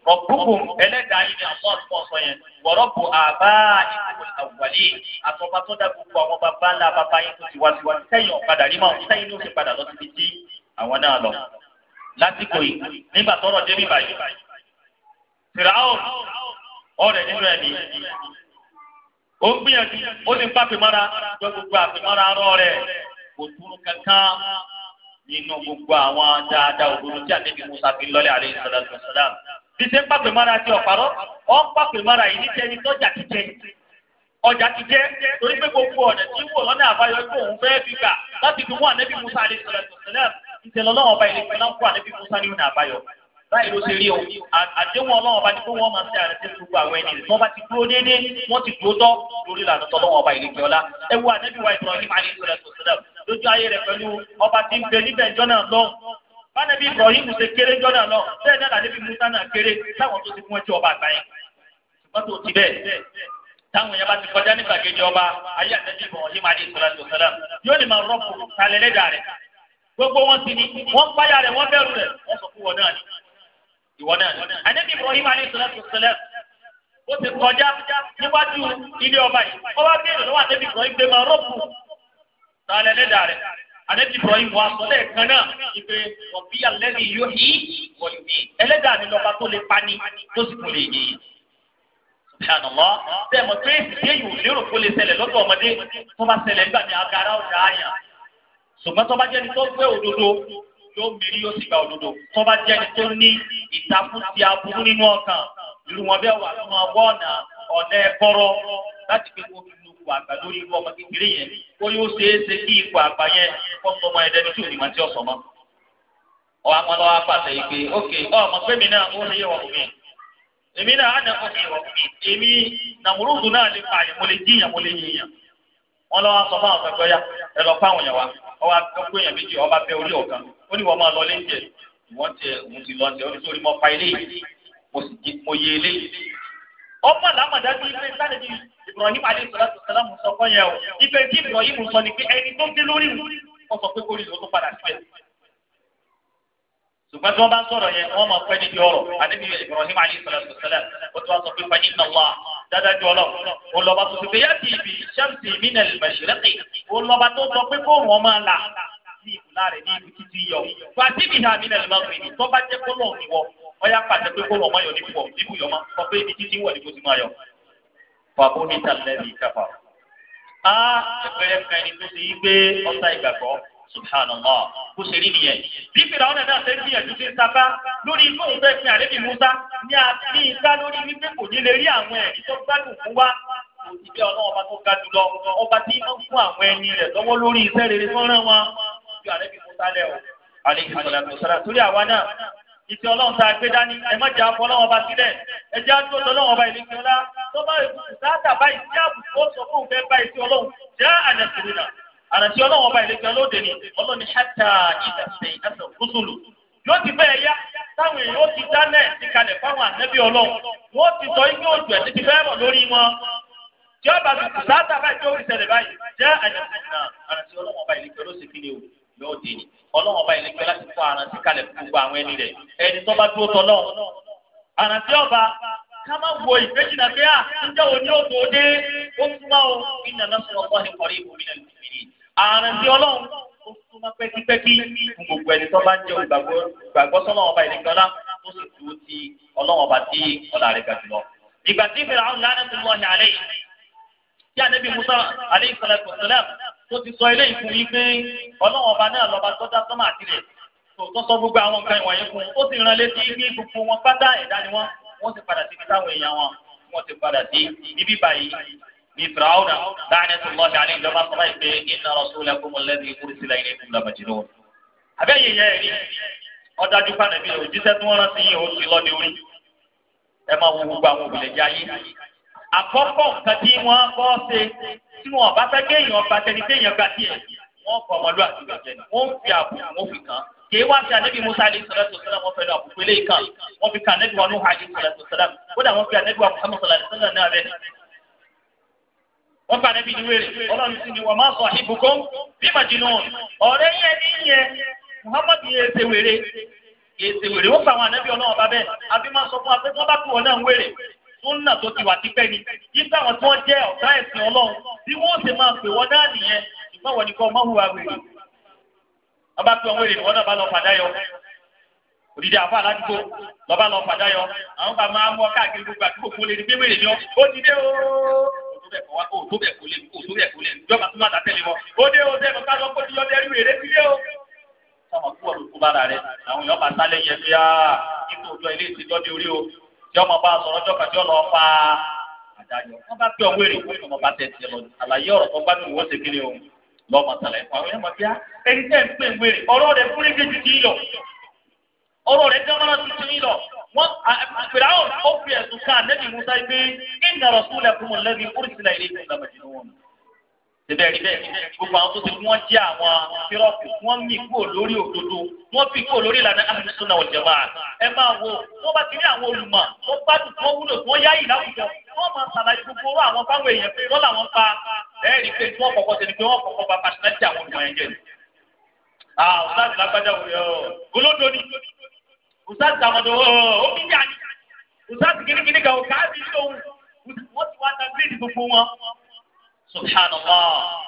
rọ̀bùkùn ẹlẹ́dàá yìí ni àwọn àtúntò sọ yẹn wọ̀rọ̀bù àbá ìkókò àwùwálé àtọ́fà tó dá gbogbo àwọn bàbá ńlá bàbá yín tó ti wá sí wa sẹ́yìn ọ̀padà rí mọ́ sẹ́yìn ló ti padà lọ síbi tí àwọn náà lọ lásìkò yìí nígbà tọ́rọ̀ débi báyìí fìràwọ̀ ọ̀rẹ́ nínú ẹ̀mí ó ń gbìyànjú ó sì ń pàpè jọ gbogbo àpèmọ́ra arọ rẹ̀ kò túrú kankan nínú gbogbo àwọn dáadáa òdodo tí àdébí Musa fi lọ́lẹ̀ àlẹ́ ìsọ̀lá sọ̀lá bí ń ti ọ̀pàrọ̀ ń yìí tọ́jà ti jẹ ọjà ti jẹ torí pé gbogbo ọ̀nà tí wò báyìí ló ṣe rí o àdéhùn ọlọ́run ọba ní pé wọ́n máa ń ṣe àrètí gbogbo àwọn ẹni rẹ̀ tí wọ́n bá ti dúró déédéé wọ́n ti dúró tọ́ lórí ìlànà tọ́lọ́wọ́n ọba ìlẹ̀kẹ́ ọlá ẹ wo ànábì wa Ibrahim alayhi salatu wasalam lójú ayé rẹ̀ pẹ̀lú ọba tí ń bẹ níbẹ̀ jọ́nà lọ́hùn bánẹ́bí Ibrahim ṣe kéré jọ́nà lọ bẹ́ẹ̀ náà làdébí Musa náà kéré táwọn tó ti fún ẹjọ́ ọba àgbáyé mọ́tò ti bẹ́ẹ̀ táwọn yẹn bá ti kọjá ní gbàgede ọba ayé àtẹ́jú Ibrahim alayhi salatu wasalam yóò lè máa rọ́pò talẹ́lẹ́dà rẹ̀ gbogbo wọn ti ní wọ́n páyà rẹ̀ wọ́n bẹ̀rù rẹ̀ wọ́n sọ fún wọn náà ni ìwọ náà ni. Ànábì Ibrahim alayhisalaam ó ti kọjá níwájú ilé ọba yìí. Ó wá béèrè lọ́wọ́ Ànábì Ibrahim pé máa rọ́pù sálẹ̀ lẹ́dà rẹ̀. Ànábì Ibrahim wà sọ lẹ́ẹ̀kan náà ìpè ọ̀bí alẹ́bí yóò yí wọ̀nyí. Ẹlẹ́dà ni lọ́ba tó lè pani tó sì kú lè yé yìí. Subhanallah ṣe mọ̀ pé èyí ò lérò kó lè ṣẹlẹ̀ lọ́dọ̀ ọmọdé tó bá ṣẹlẹ̀ nígbà ní agara ọ̀dà àyà. Ṣùgbọ́n tó bá jẹ́ni tó gbé òdodo yóò mérí yóò sì gba òdodo tó bá jẹ́ ẹni tó ní ìtakùn ti aburú nínú ọkàn irú wọn bẹ́ẹ̀ wà ló máa wọ́ ọ̀nà ọ̀nà ẹ̀kọ́rọ́ láti pé kó fi lukù àgbà lórí irú ọmọ kékeré yẹn kó yóò ṣe é ṣe kí ipò àgbà yẹn kó sọmọ ẹ̀dẹ́ni tí ò ní máa ti ọ̀sọ̀ mọ́. ọ̀hún àwọn ọlọ́wọ́ apàtẹ yìí pé ókè ọmọ fẹ́mi náà ó lè yẹ̀wọ̀ mi èmi náà á nà kọ́ yẹ̀wọ̀ mi èmi nàmúrúdù náà lè pààyàn mo lè jíyàn mo lè yíyàn. wọ́n lọ́wọ́ sọ fáwọn ọ̀fẹ́ ọwọ́ akókó èèyàn méjì ọba bẹ orí ọ̀kan ó ní wọ́n máa lọ léńjẹ ìwọ́n tẹ òun ti lọ tẹ ó ní sórí mọ́ pa eléyìí mo sì di mo yé eléyìí. ọmọ làmọ̀dájú ilé sáré ní Ibrahim alẹ́ sọ̀rọ̀ sọ̀rọ̀ sọ fún yẹn o ife tí Ibrahim sọ ni pé ẹni tó dé lórí mu wọ́n sọ pé kó rí lóòótọ́ padà síbẹ̀. ṣùgbọ́n tí wọ́n bá sọ̀rọ̀ yẹn wọ́n máa pẹ́ níbi ọ̀rọ̀ adébíyẹ Ibrahim alẹ́ sọ̀rọ̀ sọ̀rọ̀ dádájú ọlọ olọba tó ti fi yàtì ibi sàmùtì ìmínà ìmọ̀ṣẹ̀lẹ́kì olọba tó sọ pé kó wọn máa là sí ìbùlá rẹ ní ibi títí yọ fàtí bìhà ìmínà ìmọ̀ṣẹ̀lẹ́kì tó bá jẹ́ kólọ̀ ìwọ ọyá pàṣẹ pé kólọ̀ ọmọ yọ ní púpọ̀ níbù yọ mọ́ sọ pé ibi títí wọ̀ ní kó ti máa yọ. bàbá oníta lẹ́bi ìkàfà. a ẹgbẹ̀rẹ̀ kan ẹni tó ti yí gbé ọ̀tá ìgbàgbọ́ subhanallah kó ṣe rí nìyẹn bí fìràwọn náà ṣe ń gbìyànjú sí sábà lórí ikú òun fẹẹ fi àlébi musa ní àti ìta lórí wípé kò ní lè rí àwọn ẹ̀rí tó gbádùn fún wa ìbí ọlọ́run ọba tó ga jùlọ ọba tí máa ń fún àwọn ẹni rẹ̀ lọ́wọ́ lórí iṣẹ́ rere tó rán ju àlébi musa lẹ̀ o àlébi musa lẹ̀ sọ̀rọ̀ torí àwa náà ìtì ọlọ́run tá a gbé dání ẹ má jà fọ ọlọ́run ọba sílẹ̀ ẹ jẹ́ àjọ ọlọ́run ọba ìlẹ́kẹ́ ọlá tó bá ìbùkún sáà tàbá ìdí àbùkù ó sọ fún òun fẹ́ bá ìtì ọlọ́run jẹ́ àjẹsìrì àràtí ọlọ́wọ́n ọba ìlẹ́gbẹ́ lóde ni ọlọ́ni ṣáta ìdàtẹ̀ ìdàtẹ̀ rúṣùlù yóò ti bẹ́ẹ̀ yá táwọn èèyàn ó ti dáná ẹ̀ ti kalẹ̀ fáwọn ànẹ́bí ọlọ́run wọ́n ti sọ igi òjò ẹ̀ ti fẹ́ rọ̀ lórí wọn tí ọba tuntun sáàtà báyìí tí ó rí ṣẹlẹ̀ báyìí jẹ́ àyẹ̀fọ́nà àràtí ọlọ́wọ́n ọba ìlẹ́gbẹ́ ló ṣe kíni o yóò dé ni ọlọ́wọ́n ọba ìlẹ́gbẹ́ láti fọ tó bá dúró àràtí ọba ká wo ìgbéjì náà pé à ah, ń jẹ́ òní òtò dé ó túmọ̀ o ìnana sọ̀rọ̀ kọ́ni kọ́ni ìbòmínà ìbòmínà àrùn tí ọlọ́run ó súnmọ́ pẹ́kípẹ́kí fún gbogbo ẹni tó bá ń jẹ́ olùgbàgbọ́ sọ́lọ́run ọba ìdíkanlá tó sì dúró ti ọlọ́run ọba tí ọlá rẹ̀ gà jùlọ. ìgbà tí fèrè àwọn lánàá tó wọ́n ní alẹ́ yìí tí ànábì Musa alẹ́ ìsọ̀lẹ̀ kọ̀sọ̀lẹ̀ tó ti sọ eléyìí fún yín pé ọlọ́run ọba náà lọ́ba tó dá sọ́mà àtìlẹ̀ tó sọ gbogbo àwọn nǹkan ìwọ̀nyí fún ó sì rán létí pé gbogbo wọn pátá ẹ̀dá ni wọ́n wọ́n ti padà síbi táwọn èèyàn wọn wọ́n ti padà sí níbí báyìí ní firawuna báyìí tó lọ́ọ́ ṣàlẹ́ ìjọba sọ́ba ìpè iná rọ̀ṣúlẹ̀ fún mọ̀lẹ́bí kúrìsìlẹ̀ ilé ìlú lọ́mọdúnrún. abẹ́yẹ yẹ ẹ̀rí ọ̀dájú fànàbí òjíṣẹ́ tí wọ́n rántí yìí ó ti lọ́ọ́ ní orí ẹ máa wo gbogbo àwọn òbílẹ̀ jẹ́ ayé. àkọ́kọ́ nǹkan tí wọ́n bọ́ ṣe tí wọ́n bá fẹ́ kéèyàn ọba tẹni téèyàn gba tiẹ̀ wọ́n kọ wá sí anabi musa alayhi salatu wasalam wọn fẹẹ lọ àbùkù eléyìí kan wọ́n fi kàn anabi wa nuhu alayhi salatu wasalam kódà wọ́n fi anabi wa muhammadu sallallahu alayhi wasalam náà bẹ́ẹ̀ wọ́n bá nẹ́bí ní wèrè ọlọ́run sì ni wọ́n máa sọ ìbùkún bí màjínú ọ̀rẹ́ yẹn ní yẹn muhammadu yẹn ṣe wèrè yẹn ṣe wèrè wọ́n bá àwọn ànẹ́bí ọlọ́run bá bẹ́ẹ̀ àbí máa sọ fún wa pé wọ́n bá kú wọn náà ń wèrè súnà tó ti wà tipẹ́ ni yíká àwọn tí wọ́n jẹ́ ọ̀tá ẹ̀sìn ọlọ́run bí wọ́n ṣe máa pè wọ́n náà nìyẹn ṣùgbọ́n wọ́n ní kọ́ hùwà wèrè ni wọ́n náà òdìdí àfa aládùúgbò lọ́ba lọ fàdáyọ àwọn bá máa mú ọ káàkiri gbogbo àdúgbò fún olè ní gbégbèrè ni ọ ooo bẹ̀ kọ́ wá kó o tó bẹ̀ kó lé kó o tó bẹ̀ kó lé ìjọba tó má dá tẹ̀lé mọ́ ó dé o sẹ́nu ká lọ kó ti yọ dẹ́rù èrè sílé o. sọmọ kú ọ̀rọ̀ tó bára rẹ làwọn èèyàn bá sálẹ̀ yẹn bí a nínú ọjọ́ ilé ìtìjọ́ di orí o tí ọmọ bá sọ̀rọ̀ ọjọ́ kan tí ọ lọ pa àdáyọ̀ wọ́n bá pẹ́ ọ̀wé rè fún ọmọ bá lọ wọ́n fìràwọ̀n ó fi ẹ̀sùn kan ànábì musa pé inna rasulakum alladhi ursila ilaykum lamajnun. Bẹ́ẹ̀ ni bẹ́ẹ̀ gbogbo àwọn tó ti wọ́n jẹ́ àwọn fírọ́ọ̀fì wọ́n mì kúrò lórí òdodo wọ́n fi kúrò lórí ìlànà àmìlẹ́sùn náà ọ̀jẹ̀ Ẹ máa wo wọ́n bá ti rí àwọn olùmọ̀ wọ́n gbádùn wọ́n wúlò wọ́n yá ìlà àwùjọ wọ́n máa ṣàlàyé gbogbo owó àwọn fáwọn èèyàn pé wọ́n làwọn pa bẹ́ẹ̀ rí pé wọ́n kọ̀kọ́ ṣe pé wọ́n kọ̀kọ́ ba pàṣẹ usasi amadu ọ oh, omi oh, oh, jà ní usasi kirikiri kan o káàbì lóhùn wọn ti wá ta gírèdì gbogbo wọn subhanallah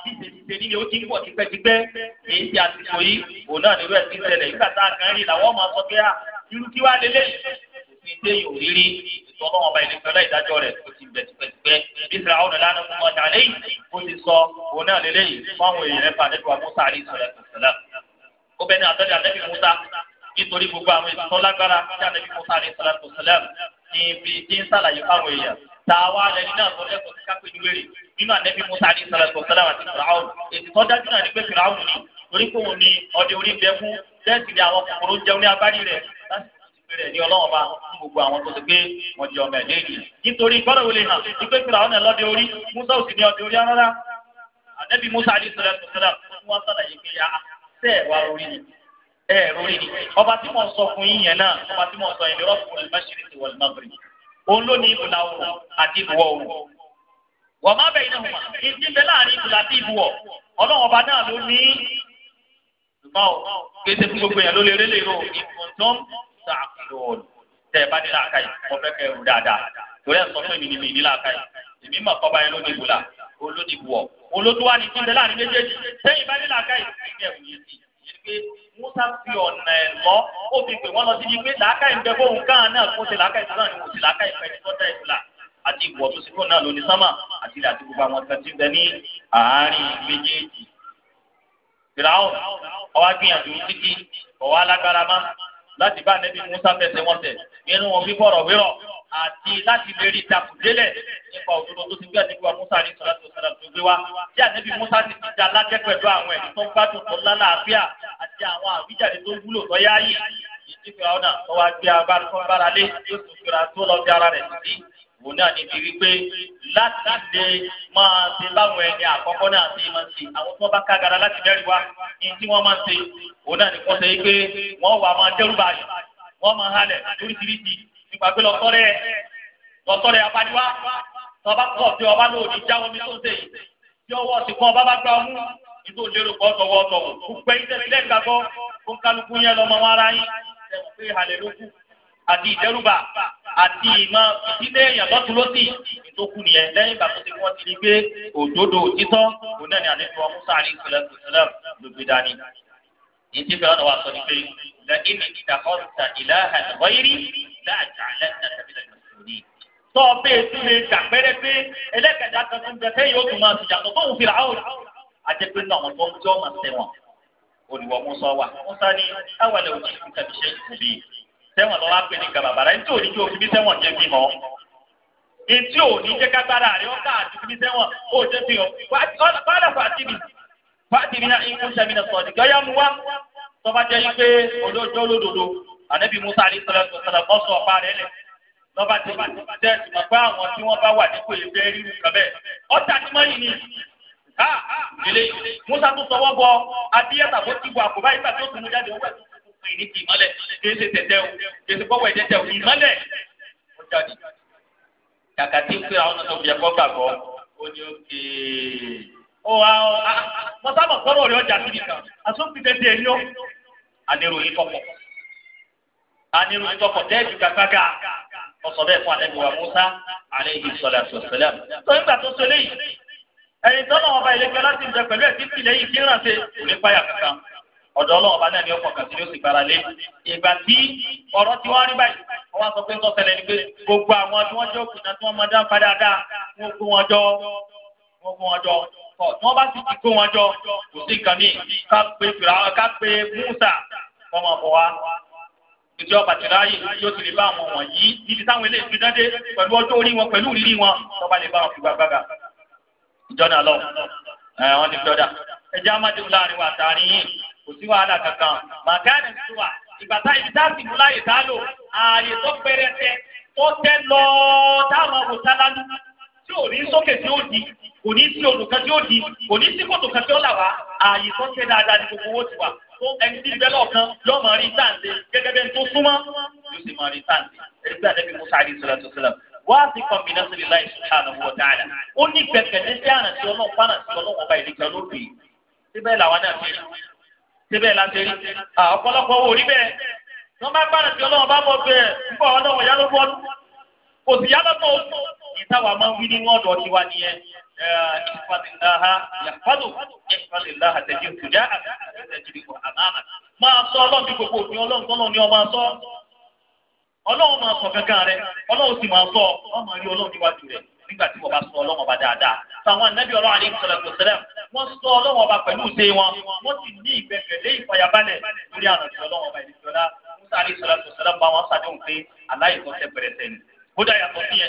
ìṣèṣìṣẹ́ni ni ó ti ń pọ̀ tipẹ́tipẹ́ èyí ti àsìkò yìí òun náà nírú ẹ̀sìn ìṣẹ̀lẹ̀ yìí kàtà kan rí làwọn máa sọ pé à ah, irú kí wàá lélẹ̀ òfin dé yìí òrírí ètò ọlọ́wọ́n ọba ìlú pẹ̀lú ìdájọ́ rẹ̀ ó ti bẹ̀ tipẹ́tipẹ́ bísí àwọn ọ̀nà lánàá fún ọjà lẹ́yìn ó ti nítorí gbogbo àwọn ìtọ́ lágbára tí ànábì Mùsá àlẹ́ sàlátù sàlám ní ibi tí ń sàlàyé fáwọn èèyàn tàwa lẹni náà tó lẹ́kọ̀ọ́ sí kápẹ́ ìlú èrè nínú ànábì Mùsá àlẹ́ sàlátù sàlám àti fìràwùn èsì tó dájú náà ní pé fìràwùn ni torí kò ní ọdẹ orí bẹ fún bẹ́ẹ̀sì ni àwọn kòkòrò jẹun ní abárí rẹ̀ láti rẹ̀ ní ọlọ́wọ́n bá fún gbogbo àwọn tó ti gbé wọn ẹ rori ni ọba tí mo sọ fún yín yẹn náà ọba tí mo sọ yẹn lọ́wọ́ fún olùmọ̀ṣẹ́rẹ́ ti wọlé mọ́bìrì òun ló ní ibùlà oòrùn àti ìbùwọ̀ oòrùn wọ́n má bẹ̀yìn náà wọ́n ìdí bẹ́ẹ̀ láàrin ibùlà àti ìbùwọ̀ ọlọ́run ọba náà ló ní ṣùgbọ́n o kéde fún gbogbo yẹn ló lè rí lè ro ìbùn tó tẹ ẹ bá ní làákàyè mo fẹ́ kẹ́ ẹ rú dáadáa torí ẹ sọ fún èmi ni mi ní làákàyè èmi mọ̀ kọ́ báyẹn ló ní ibùlà olódìbùwọ̀ olódùwà ní ìdí bẹ́ẹ̀ láàrin méjèèjì sẹ́yìn bá ní làákàyè ìdí pé musa fi ọ̀nà ẹ̀ lọ ó fi pè wọ́n lọ sí wípé làákà ìgbẹ́ fóun káà náà kó ṣe làákà ìgbẹ́ náà ni mo ṣe làákà ìgbẹ́ tí wọ́n dá ìfúlà àti ìwọ̀ tó ṣe fóun náà lóní sámà àti ilẹ̀ àti gbogbo àwọn kan tí ń bẹ ní àárín méjèèjì. fìràwọ̀ ọwọ́ gbìyànjú títí ọwọ́ alágbára má láti bá nẹ́bí musa fẹsẹ̀ wọ́n tẹ̀ nínú wọn fífọ̀rọ̀ wérọ̀ àti láti lè rí ìdàkùdélẹ̀ nípa òdodo tó ti gbé àdébíwá Musa ní sọlá tó sọlá tó gbé wá tí àdébí Musa ti ti dá lájẹ́ pẹ̀lú àwọn ẹ̀rí tó gbádùn tó lálàáfíà àti àwọn àwíjàre tó wúlò tó yááyì ìdíje àwọn náà tó wá gbé agbára lé yóò tún fira tó lọ bí ara rẹ̀ sí òun náà níbi wípé láti lè máa ṣe báwọn ẹni àkọ́kọ́ náà ṣe máa ṣe àwọn tí wọ́n bá kágara láti dẹ́rù wá ní tí wọ́n máa ń ṣe òun náà ní kó ṣe wípé wọ́n wà máa dẹ́rù báyìí wọ́n máa halẹ̀ lóríṣiríṣi ìgbàgbé lọ́tọ́rẹ́ lọ́tọ́rẹ́ abájúwá tọba kọ̀ tí ọba náà ò ní jáwọ́ mi tó ń sèyí tí ọwọ́ ti kọ́ ọba bá gbà ọmú ètò ìlérò kan tọwọ́ tọwọ́ gbogbo ẹ̀yin tẹ̀lé lẹ́gbàgbọ́ tó ń kálukú yẹn lọ́mọ wọn ara yín tẹ̀wọ̀n pé halẹ̀ ló kù àti ìdẹ́rùbà àti ìmọ̀ ìdílé èèyàn lọ́tùlọ́tì ìtókù nìyẹn lẹ́yìn ìgbà tó ti wọ́n ti rí pé òdodo òtítọ́ òun náà ni àlejò ọmọ sáré ìṣẹ̀lẹ̀ ló gbé dání. ìdí fẹ́ràn wa sọ ni pé lẹ́yìn ìdàkọ́ta ìlà àtọ̀yìrì láàjà alẹ́sẹ̀ tẹ̀sílẹ̀ lọ́sọ̀rọ̀ tọ́ ọ bẹ́ẹ̀ tún lè jà pẹ́rẹ́ pé ẹlẹ́kẹ̀dá kan tún bẹ fẹ́yìn oṣù máa ti yàtọ̀ tóun fìlà áwòrán àjẹpẹ́ náà wọn tó ń jọ́ máa tẹ̀wọ̀n olùwọ̀ musa wa musa ni awàlẹ̀ òjì fún kàbíṣẹ́ ìkùbí tẹ̀wọ̀n lọ́wọ́ pé ní gàbàbàrà ní tí ò ní kí òfin bí tẹ̀wọ̀n jẹ́ bí mọ́ ní tí ò ní jẹ́ kágbára rẹ̀ ọ̀tá àti fi bí tẹ̀wọ̀n ó jẹ́ bí ọ́ fàdà fàtìmí fàtìmí náà ikú sẹ́mi náà sọ̀ọ́ ànábì musa àdìsọ́lẹ́sọ̀ sọ̀rọ̀ kọ́ sọ ọ̀pá rẹ̀ lẹ̀ lọ́ba tí tẹ́sí mọ̀ pé àwọn tí wọ́n bá wà nípò yìí fẹ́ rí nǹkan bẹ́ẹ̀ ọ̀tá tí wọ́n yìn ní. ha ilé musa tó sọ wọ́bọ adíyàtà tó ti wà kó báyìí gbà tó tún mú jáde wọ́pẹ́ tó pè ní kì ìmọ́lẹ̀ kéésì tẹ̀tẹ̀ o kéésì bọ́wọ́ ẹ̀jẹ̀ tẹ̀ o ìmọ́lẹ̀ ó jáde. kàkà tí ń pè àwọn ọ̀nà tó fi ẹ̀kọ́ gbàgbọ́ ó ní òkè ó O ọ mọ sábà sọ̀rọ̀ rẹ̀ ọjà síbi kan àsopìtẹ́tẹ̀ ẹ̀ Ani tọkọ dẹ́ẹ̀dù kàkàkà ọ̀sọ̀ bẹ́ẹ̀ fún alẹ́ wa Musa aleyhi sọlá sọsọlá. tó ń gbà tó so léyìí ẹni tọ́lọ̀ ọba ìlẹ́gbẹ́ láti jẹ pẹ̀lú ẹ̀sìn ìpìlẹ̀ yìí kí ń rànṣẹ́ kò ní páyà kankan ọ̀dọ̀ ọlọ́run ọba náà ni ọkọ̀ kàtí yóò sì gbára lé ìgbà tí ọ̀rọ̀ ti wá rí báyìí wọ́n wá sọ pé nǹkan ṣẹlẹ̀ ni pé gbogbo àwọn tí wọ́n jẹ́ òkùnà tí wọ́n máa dá padà dá wọ́n kó wọn jọ wọ́n kó wọn jọ tọ̀ tí wọ́n bá sì ti kó wọn jọ kò sí nǹkan míì ká ìjọ bàtìláyè yóò ti lè bá àwọn wọ̀nyí níbi táwọn eléyìí fi dáńdé pẹ̀lú ọjọ́ orí wọn pẹ̀lú ìrírí wọn tọ́ba lè bá wọn fìgbà gbága. ìjọ náà lọ ẹ wọn ti jọdá ẹjẹ amádéwò láàrin wa tààrí yìí kò sí wàhálà kankan màgáàdì ń tiwa ìgbà tá ibi táàsì mú láyè tá lò ààyè tó pẹrẹsẹ ó tẹ lọ táwọn àwòsálálú tí ò ní sókè tí ó di kò ní sí olùkan tí ó di kò ní sí kòtò kan tí ó là wá ààyè tó tẹ dáadáa ní gbogbo owó tiwa ẹni tí ìbẹ́lẹ̀ ọ̀kan yóò máa rí sáǹdé gẹ́gẹ́ bẹ́ẹ̀ tó súnmọ́ yóò sì máa rí sáǹdé ẹni tí ànábì Musa alayhi salatu wasalam wá sí kọ̀mínà sílẹ̀ láì subhanahu wa ta'ala ó ní gbẹ̀kẹ̀lé sí àràǹtí ọlọ́run fáràǹtí ọlọ́run ọba ìdíkẹ́ olóògbé síbẹ̀ làwọn náà fi síbẹ̀ la ti rí ọ̀pọ̀lọpọ̀ owó rí bẹ́ẹ̀ wọ́n bá fáràǹtí ọlọ́run bá mọ̀ bẹ́ẹ̀ nígbà ọlọ́run yálọ́gbọ́n kò sì yálọ́gbọ́n ìtawà máa ń wí nínú ọ̀dọ̀ tiwa nìyẹn احفظ الله يحفظك احفظ الله تجد شجاعك تجد امامك máa sọ ọlọ́run sọ ọlọ́run máa sọ kankan rẹ ọlọ́run sì máa sọ ọmọ rí ọlọ́run níwájú rẹ nígbà tí bá sọ ọlọ́run ọba dáadáa táwọn ọlọ́run àdéhùn sọlẹ̀ kò sẹlẹ̀ sọ ọlọ́run ọba pẹ̀lú ìṣe wọn sì ní lórí ọlọ́run ọba ìdíjọ́lá musa àdéhùn sọlẹ̀ kò sẹlẹ̀ bá wọn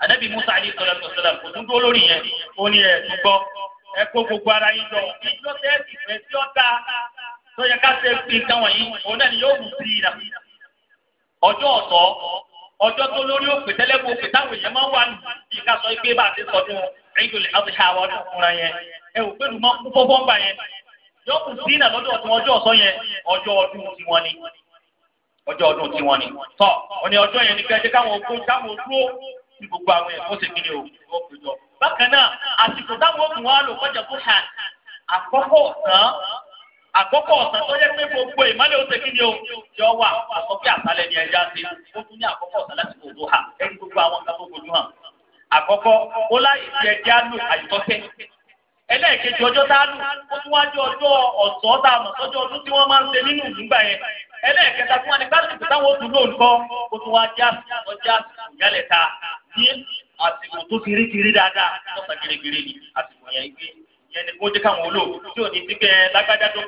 anabi musa alayhi salatu wasalam kò tún dúró lórí yẹn ó ní ẹ tún gbọ́ ẹ kó gbogbo ara yín jọ ìjọ tẹẹsì fẹ tí ó ta tó yẹ ká ṣe pé nǹkan wọ̀nyí òun náà ni yóò wù sí i rà ọjọ́ ọ̀tọ̀ ọjọ́ tó lórí òpè tẹ́lẹ̀ bó pè táwọn èèyàn máa ń wà ní ká sọ pé bá a ti sọdún ẹ̀yìn olè láti ṣe àwọn ọdún fúnra yẹn ẹ ò pẹ̀lú máa ń kú fọ́fọ́ǹgbà yẹn yóò wù sí ìnà lọ́dọ̀ tí wọ́n ọjọ́ yẹn ọjọ́ ọdún tí wọ́n ní ọjọ́ ọdún tí wọ́n ní tọ́ ọ ní ọjọ́ yẹn ní kẹ́ẹ́ tí gbogbo àwọn ẹ̀kọ́ ṣe kí ni o bákan náà àsìkò táwọn oògùn wa lò kọjá kó hàn àkọ́kọ́ ọ̀sán àkọ́kọ́ ọ̀sán tó yẹ pé gbogbo ìmọ̀lẹ̀ ó ṣe kí ni o yọ wà àsọ bí ni ẹja ṣe ó tún ní àkọ́kọ́ ọ̀sán láti gbogbo hà ẹni gbogbo àwọn kan tó gbogbo hàn àkọ́kọ́ ó láyè tí ẹja lò àyùtọ́tẹ́ ẹlẹ́ẹ̀kejì ọjọ́ tá a lù ó tún wájú ọjọ́ ọ̀sán tá a mọ̀ sọ́jọ́ ọdún tí wọ́n máa ń ṣe nínú ìgbà yẹn ẹlẹ́ẹ̀kẹta fún wa ní ta ní àsìkò tó kiri dáadáa lọ́sàn gírígírí ni àsìkò yẹn gbé yẹn ni kó jẹ́ káwọn olóò tí ò ní síbẹ̀ lágbájá o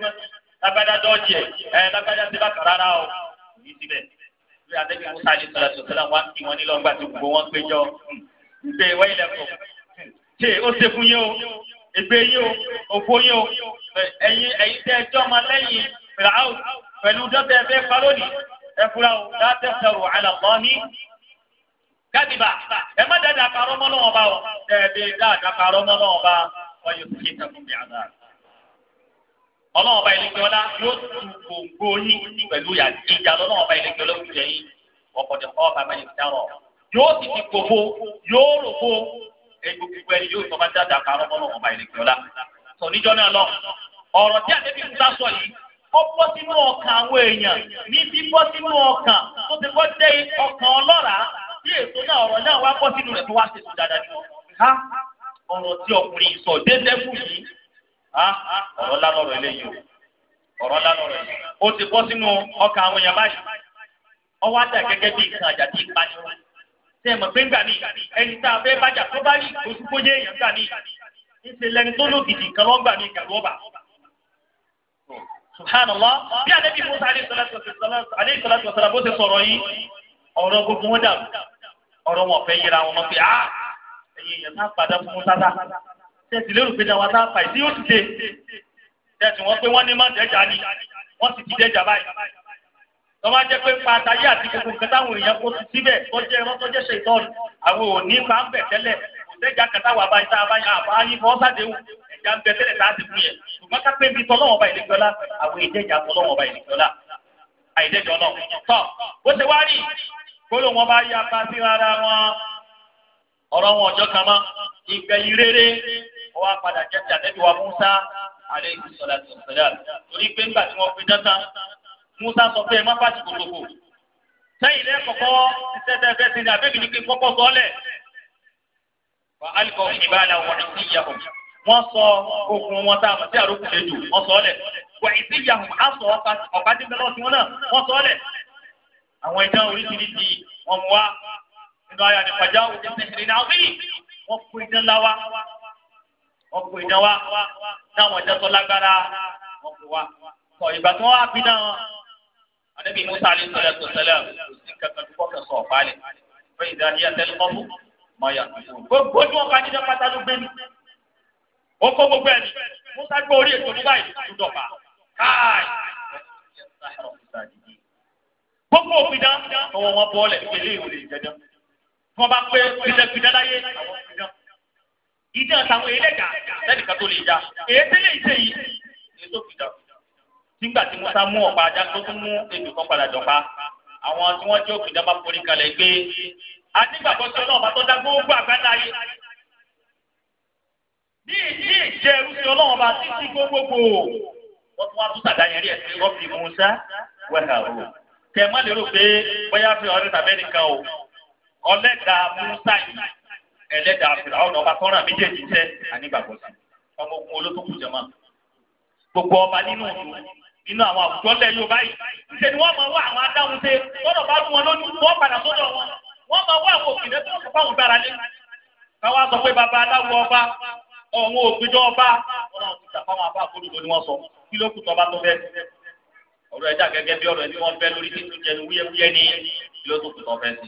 ní síbẹ̀ lórí gbogbo ègbé yín o òfò yín o ẹ̀yin ẹ̀yin tẹ́ ẹjọ́ ọmọ lẹ́yìn fìràáwù pẹ̀lú dọ́tẹ́ ẹ̀fẹ́ falóni ẹ̀fúra o dáàtẹ́ sọ̀rọ̀ àlàmọ́ni kádìbà ẹ má dáadáa parọ́ mọ́ lọ́wọ́ bá o tẹ̀lé dáadáa parọ́ mọ́ lọ́wọ́ bá wọ́n yóò fi bí àná. ọlọ́wọ́ bá ilé gbẹ́ọ́lá yóò tu gbòǹgbò yín pẹ̀lú ìjà lọ́wọ́ bá ilé gbẹ́ọ́lá òkú yẹn yín egbò gbígbẹ́ ni yóò sọ́ba dáadáa kárọ́ mọ́ lọ́wọ́ ọba ìlẹ̀kẹ́ ọ̀la. sọ níjọ́ náà lọ ọ̀rọ̀ tí àdébí musa sọ yìí ó bọ́ sínú ọkàn àwọn èèyàn ní bíbọ́ sínú ọkàn tó ti kọ́ dé ọkàn ọlọ́ràá bí èso náà ọ̀rọ̀ náà wá bọ́ sínú rẹ̀ tó wá ṣètò dáadáa ni ha ọ̀rọ̀ tí ọkùnrin sọ déédéé fún yìí ha ọ̀rọ̀ lálọ́rọ̀ o ọ̀rọ̀ lálọ́rọ̀ eléyìí ó ti bọ́ sínú ọkàn àwọn èèyàn báyìí ọwọ́ àtà ṣe é mọ̀ pé gbà mí ẹni tá a fẹ́ bájà tó bá rí oṣù kó yé èèyàn gbà mí níṣẹ́ lẹni tó lògìdì kan lọ́ gbà mí ìgbàgbọ́ bà. subhanallah bí alẹ́bí musa aleyhi salatu wa salam bó ṣe sọ̀rọ̀ yìí ọ̀rọ̀ gbogbo wọn dàrú ọ̀rọ̀ wọn fẹ́ yẹra wọn pé ah ẹ̀yin èèyàn náà padà fún musa dá tẹ̀sí lérò pé dáwà náà fà ìdí yóò ti dé tẹ̀sí wọn pé wọ́n ní má dẹ́jà ni wọ́n sì ti dẹ́jà báyìí tọ́wọ́ jẹ́ pé pa àtàyé àti gbogbo nǹkan táwọn èèyàn kó ti síbẹ̀ tọ́jẹ́ ẹ̀rọ tọ́jẹ́ ṣe ìtọ́nù àwọn ò ní pa ń bẹ̀ tẹ́lẹ̀ kò sẹ́jà kẹta wà bá ìta àbáyé àbáyé fọ́ sádéhùn ẹ̀jà ń bẹ tẹ́lẹ̀ tá a ti fún yẹn ṣùgbọ́n ká pé ibi tọ́lọ́wọ́n ọba ìlẹ́jọ́lá àwọn ìdẹ́jà tọ́lọ́wọ́n ọba ìlẹ́jọ́lá àìdẹ́jọ́ náà tọ́ bó ṣe wá rí kóló wọn bá yá pa sí rárá wọn ọ̀rọ̀ wọn ọjọ́ kan mọ́ ìgbẹ̀yìn rere wọ́n á padà jẹ́ ti àtẹ́bíwá Musa àlẹ́ ìsọ̀lá ìsọ̀lá Musa sọ pé ẹ má bàjẹ́ gbogbo. Sẹ́yìn lẹ́ kọ̀kọ́ ṣiṣẹ́ tẹ́ fẹ́ sinmi àbẹ́bí ni kí n kọ́kọ́ sọ lẹ̀. Wà á lè kọ́ ìbára wọn ní sí ìyàwó. Wọ́n sọ okùn wọn tá a mọ̀ sí àrókù lẹ́jọ́ wọ́n sọ lẹ̀. Wà ìsí ìyàwó á sọ ọ̀pá-dínlẹ́lọ́sí wọn náà wọ́n sọ lẹ̀. Àwọn ìdá oríṣiríṣi wọn mú wa nínú ayé àdìpàjá òjò sẹ́kìrì náà bí wọ́n kó iná ńlá wa wọ́n kó iná wa táwọn ìjọ́sọ lágbára wọ́n kó wa. Sọ ìgbà tí wọ́n á fi náà anabi musa alayhi salatu wasalam sí kankan tó kọkàn sọ ọ̀pálẹ̀ fún ìdájí àtẹlẹkọ́mù mọ̀yà gbogbo tí wọ́n bá nílé pátá ló gbé ní. ó kó gbogbo ẹ̀ ní musa gbọ́ orí ètò ní báyìí tó dọ̀pà káàì. gbogbo òpìdá ọwọ́ wọn bọ́ọ̀lẹ̀ pẹ̀lú ìwòlè ìjẹjọ́ tí wọ́n bá pé pìdẹ́pìdẹ́ láyé àwọn pìdán. ìdí àtàwọn eléga lẹ́nìkan tó lè já èyí tẹ́lẹ̀ ìṣe yìí èyí tó pìdán nígbà tí musa mú ọ̀pá ajá tó tún mú ejò kan padà dọ̀pá àwọn tí wọ́n jẹ́ òkìdá bá forí kalẹ̀ gbé anígbàgbọ́ sí ọlọ́run bá tó dá gbogbo àgbáńlá ayé ní ìdí ìjẹ́rú sí ọlọ́run bá títí gbogbogbò wọ́n tún wá tún tàdá yẹn rí ẹ̀ pé wọ́n fi musa wẹ̀hà o kẹ má lérò pé bóyá fi ọ̀rẹ́ tàbí ẹnìkan o ọlẹ́dà musa yìí ẹlẹ́dà fìlàwọ́n ọba ọba nínú nínú àwọn àwùjọ lẹ Yorùbá yìí ṣe ni wọ́n máa wá àwọn adáhùn ṣe lọ́dọ̀ bá wọn lójú wọ́n padà sọ́dọ̀ wọn wọ́n máa wá àwọn òkìlẹ̀ tó kọ́ fáwọn gbára lé káwá sọ pé baba aláwọ̀ ọba ọ̀hún ògbìjọ ọba ọ̀nà òkúta fáwọn abá àkólúgbò ni wọ́n sọ kí ló kù tó ọba tó bẹ́ẹ̀ ọ̀rọ̀ ẹ̀dá gẹ́gẹ́ bí ọ̀rọ̀ ẹni wọ́n bẹ́ lórí títún jẹnu wúyẹ́wúyẹ́ ní kí ló tó kù tó bẹ́ẹ̀ sí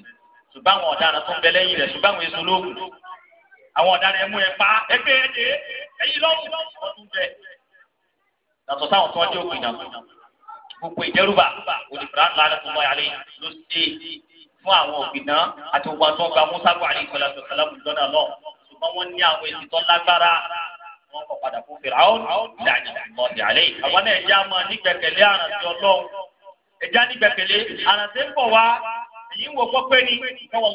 ṣùgbọ́n àwọn ọ̀daràn tó ń bẹ lẹ́yìn rẹ̀ ṣùgbọ́n àwọn èso lóògùn àwọn ọ̀daràn ẹ̀mú ẹ̀ pa ẹgbẹ́ ẹ̀ dé ẹ̀yìn lọ́wọ́ ọdún bẹ́ẹ̀ yàtọ̀ sáwọn tó wọ́n jẹ́ òkè náà gbogbo ìdẹ́rùbà olùkọ́ra lánàá tó lọ́ọ́ yàrá ló ṣe fún àwọn òbí náà àti gbogbo àti ọgbà musa bọ̀ àlẹ́ ìkọlẹ̀ àti ọ̀sẹ̀ lọ́mùdí lọ́nà lọ ṣùgbọ́n wọ́n ní àwọn èsì tó lágbára wọn kọ̀ padà fún fèrè àwọn ìdájọ́ lọ́ọ̀dì àlẹ́ àwọn náà ẹja máa nígbẹ́kẹ̀lé àràǹtí ọlọ́run ẹja nígbẹ́kẹ̀lé àràǹtí ń bọ̀ wá èyí ń wò pọ́pẹ́ ni káwọn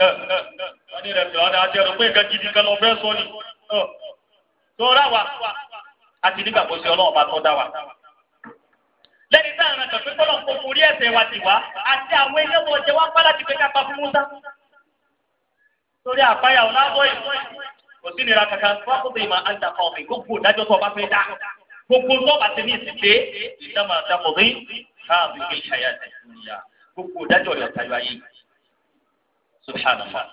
wọ́n ní rẹ̀ fi ọ̀dà àti ẹ̀rọ pé nǹkan gidi kan lọ fẹ́ sọ ni tó rà wá àti nígbà kó ṣe ọlọ́run bá tọ́ dá wa. lẹ́ni tá àrùn àgbẹ̀ pípọ́ náà kó forí ẹ̀sẹ̀ wa ti wá àti àwọn ilé wọn jẹ wá pá láti pé ká pa fún Musa. torí àpáyà ọ̀nà àbọ̀ ìfọ̀ kò sí nira kankan wọ́n kó bèèmọ̀ àǹtà kan ọ̀fìn gbogbo ìdájọ́ tó o bá fẹ́ dá gbogbo tó o bá ti ní ìsìté ìdámọ̀ àdàmọ̀ rí káàbù ìgbésí ayé àti subhanallah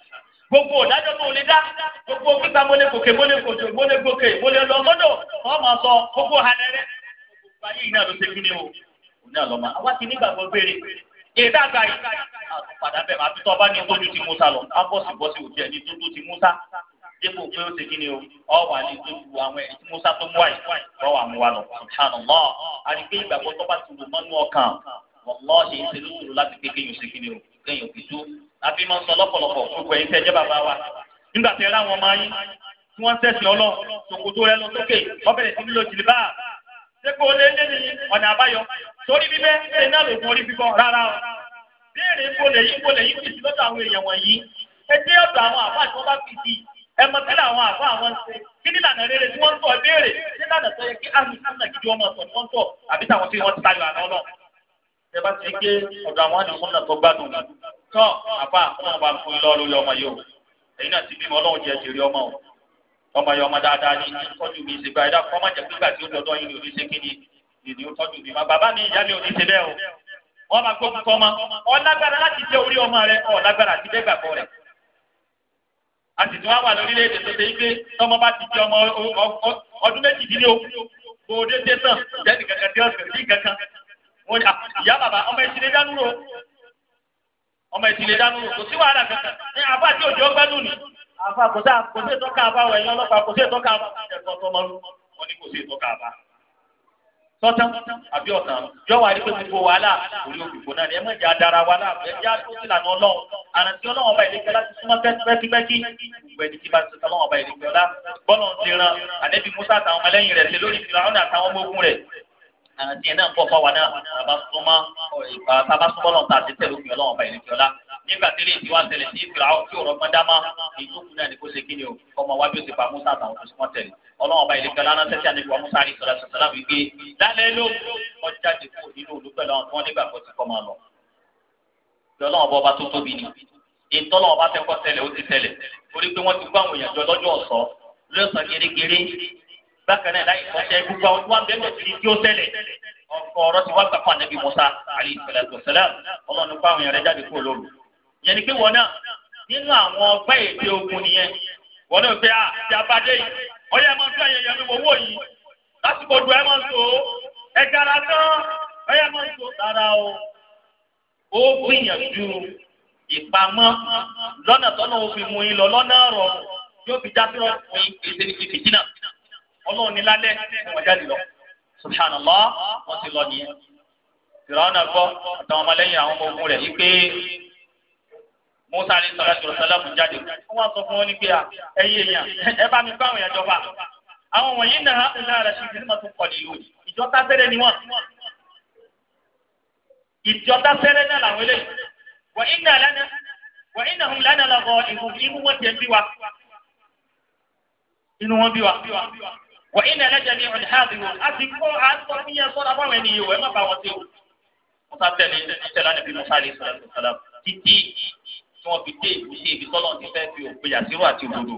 gbogbo òdájọ́ tó lè dá gbogbo gbígbà mọ́lẹ̀ gòkè mọ́lẹ̀ gòkè mọ́lẹ̀ gòkè mọ́lẹ̀ lọ lọ́dọ̀ wọ́n máa sọ gbogbo halẹ̀ rẹ̀ gbogbo ayé iná ló ṣe kí ni o òní àlọ́mọ àwa ti nígbàgbọ́ gbére èdè àgbà yìí àtúpadà bẹ̀ máa títọ́ bá ní tójú ti Musa lọ abọ́sibọ́sì òjì ẹni tójú ti Musa dípò pé ó ṣe kí ni o ọ wà ní tójú àwọn ẹni tí Musa tó mú wáyé wọ́n wà mú wa lọ subhanallah àdìgbé ìgbàgbọ́ tó bá ti lò mọ́nú ọkàn wọ́n lọ́ọ́ ṣe ìṣèlú sòrò láti pé kéèyàn àfi máa ń sọ lọ́pọ̀lọpọ̀ gbogbo ẹ̀yin tẹ́jẹ́ bàbá wa nígbà tẹ́ ra wọn máa yín tí wọ́n sẹ̀sìn ọlọ́ ṣòkòtò rẹ lọ sókè wọ́n bẹ̀rẹ̀ sí nílò jìlìbá sẹ́kọ̀ olè lé ní ọ̀nà àbáyọ torí bíbẹ́ ṣe náà lògùn orí fífọ́ rárá o béèrè ń bolè yín bolè yín fìdí lọ́dọ̀ àwọn èèyàn wọ̀nyí ẹ dé ọ̀dọ̀ àwọn àbá tí wọ́n bá fìdí ẹ mọ sílẹ̀ àwọn àbá àwọn ṣe kí ní lànà rere tí wọ́n ń tọ̀ béèrè kí lànà tó yẹ kí àmì sàmìnà gidi ọmọ ọ̀tọ̀ ni wọ́n ń tọ̀ àbí táwọn tí wọ́n ti tayọ àná náà ẹ bá ti gé ọ̀dọ̀ àwọn àdìsọ́nà tó gbádùn tọ́ àbá ọlọ́run bá fún lọ́ọ́ lórí ọmọ yìí o èyí náà ti bímọ ọlọ́run jèrè ọmọ o ọmọ ọmọ dáadáa mi kọ́ má pé ó yìí ni òní ṣe kíni ìdí ó tọ́jú mi má bàbá mi ìyá mi ṣe bẹ́ẹ̀ o wọ́n máa gbógun ma ọ lágbára láti jẹ́ orí ọmọ rẹ ọ lágbára àti dẹ́gbàgbọ́ rẹ wà lórílẹ̀‐èdè bá ti ọmọ ọdún kankan tí kankan ni ìyá bàbá ọmọ dánú ro ọmọ ìdílé dánú kò sí wàhálà kankan ní àbá tí òjò gbẹ́nu ni àbá kò sáà kò sí ìtọ́ka àbá wọ̀ ẹ̀yìn ọlọ́pàá kò sí ìtọ́ka àbá ẹ̀kọ́ tó mọ́rú wọn ni kò sí ìtọ́ka àbá. sọ́tàn àbí ọ̀tàn yọ wà nípa gbogbo wàhálà orí òkùnkù náà ni ẹ mọ̀jẹ̀ adara wa náà ẹ jẹ́ àtúntò ìlànà ọlọ́run àrántí ọlọ́run ọba ìdíkẹ́ láti súnmọ́ pẹ́kípẹ́kí gbogbo ẹni tí bá ti sọ́lọ́run ọba ìdíkẹ́ ọlá bọ́lọ̀ ń ti ran àdébí musa àtàwọn ọmọ ẹlẹ́yìn rẹ̀ ṣe lórí fìlà ọ̀nà àtàwọn ọmọ ogun rẹ̀ àrántí ẹ̀ náà pọ̀ fáwa náà àbá súnmọ́ ìgbà sábà súnmọ́ náà tà sí tẹ̀lé òfin ọlọ́run ọba ìrìnkì ọlá nígbà tí lè tiwa tẹ̀lé sí ìfìlà tí òrò gbọ́n dámá ìjókòó náà ni kò ṣe kí ni o ọmọ wa bí o ti pa musa àtàwọn tó súnmọ́ tẹ̀lé ọlọ́run ọba ìrìnkì ọlá náà tẹ̀sí àdìgbò musa àrí sọ̀rọ̀ sọ̀rọ̀ wípé lálẹ́ ló kọjá dìbò nínú olùpẹ̀lú bákan náà láì kọ́ṣẹ́ gbogbo àwọn tí wọ́n bẹ́ẹ̀ lọ́ọ́ ti di ó tẹ́lẹ̀ ọ̀rọ̀ tí wọ́n gbà fún anabi musa alayhi salatu wasalam ọlọ́run nípa àwọn èèyàn rẹ̀ jáde kúrò lóru. yẹn ni pé wọn náà nínú àwọn ọgbẹ́ èdè ogun nìyẹn wọn náà fẹ́ àti abadé yìí ọyẹ ẹ máa ń fẹ́ ẹyẹ yẹn lówó yìí lásìkò dùn ẹ máa ń so ẹja ara tán ọyẹ ẹ máa ń so rárá o. ó gbìyànjú ìpamọ́ lọ́nà tọ́nà òfin mu yín lọ lọ́nà rọ̀ yóò fi já sí ọ̀pọ̀ ìpèsè ọlọ́run ní lálẹ́ wọ́n jáde lọ subhanallah wọ́n ti lọ nìyẹn fìràwọn náà gbọ́ àtàwọn ọmọlẹ́yìn àwọn ọmọ ogun rẹ̀ yìí pé musa alayhi salatu wa salam jáde wọ́n wá sọ fún wọn ní pé ẹ̀yin èèyàn ẹ bá mi bá àwọn èèyàn jọba àwọn wọ̀nyí náà ń lára ṣe ìdílé tó pọ̀ nìyó ìjọ tásẹ́rẹ́ ni wọ́n ìjọ tásẹ́rẹ́ náà làwọn eléyìí wọ́n ìnà lánàá wọ́n ìnà hùn lánàá lọ́gọ́ ìmú wọ́n iná ẹlẹ́jẹ̀ ní ọ̀nà àdìrò àti kọ́ àtọ́ bí yẹn sọ́dọ̀ báwọn ẹni yìí wọ́n má bá wọn sí o. wọ́n sá tẹ̀lé tẹ̀lé ànábì musa alayhi salatu salam títí tí wọ́n fi dé ìbùsí ibi tọ́lọ̀ ti fẹ́ fi òpè àtìrò àti òdodo.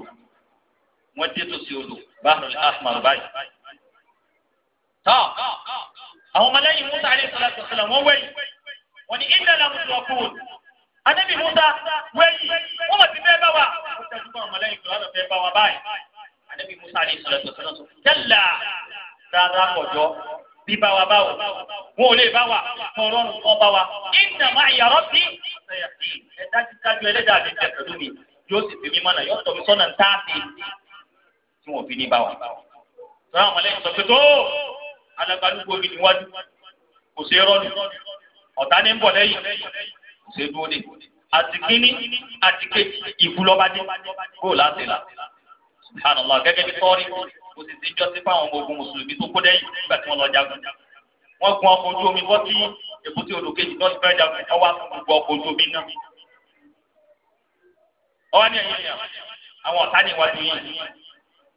wọ́n dé tòsí odò báwọn ahmar báyìí. tọ́ àwọn ọmọlẹ́yìn musa alayhi salatu salam wọ́n wẹ̀yìn wọ́n ní iná làwọn ti lọ́kùn ànábì musa wẹ̀yìn wọ́n mọ̀ sí fẹ́ bá wa. wọ́n ànábì musa ní sọ̀rọ̀ tó sọ̀rọ̀ tó jẹ́là rárá kọjọ́ bí bá wa bá wò wọn ò lè bá wa tọrọ nǹkan bá wa ìnà máa yàrá bí ẹ dájúdájú ẹlẹ́dàá mi bẹ̀ pẹ̀lú mi yóò sì fi mí mọ́nà yóò tọ́ mi sọ́nà táàbì tí wọn fi ní bá wa. sọ àwọn ọmọlẹ́yìn sọ pé tó alágbádúgbò mi níwájú kò ṣe é rọ́ọ̀nù ọ̀tá ní ń bọ̀ lẹ́yìn kò ṣe é dúró àtìkíní àtìkejì ìbúlọ́badé kó o láti là subhanallah gẹ́gẹ́ bí kọ́ọ́rí kò sì ti jọ́sí fáwọn ọmọ ogun mùsùlùmí tó kó dẹ́yìn nígbà tí wọ́n lọ jagun wọ́n gun ọkọ̀ ojú omi bọ́ sí èbúté odò kejì tó ti fẹ́ jagun wọ́n wá gbogbo ọkọ̀ ojú omi náà. ọwọ́ ní ẹ̀yìn yẹn àwọn ọ̀tá ní iwájú yìí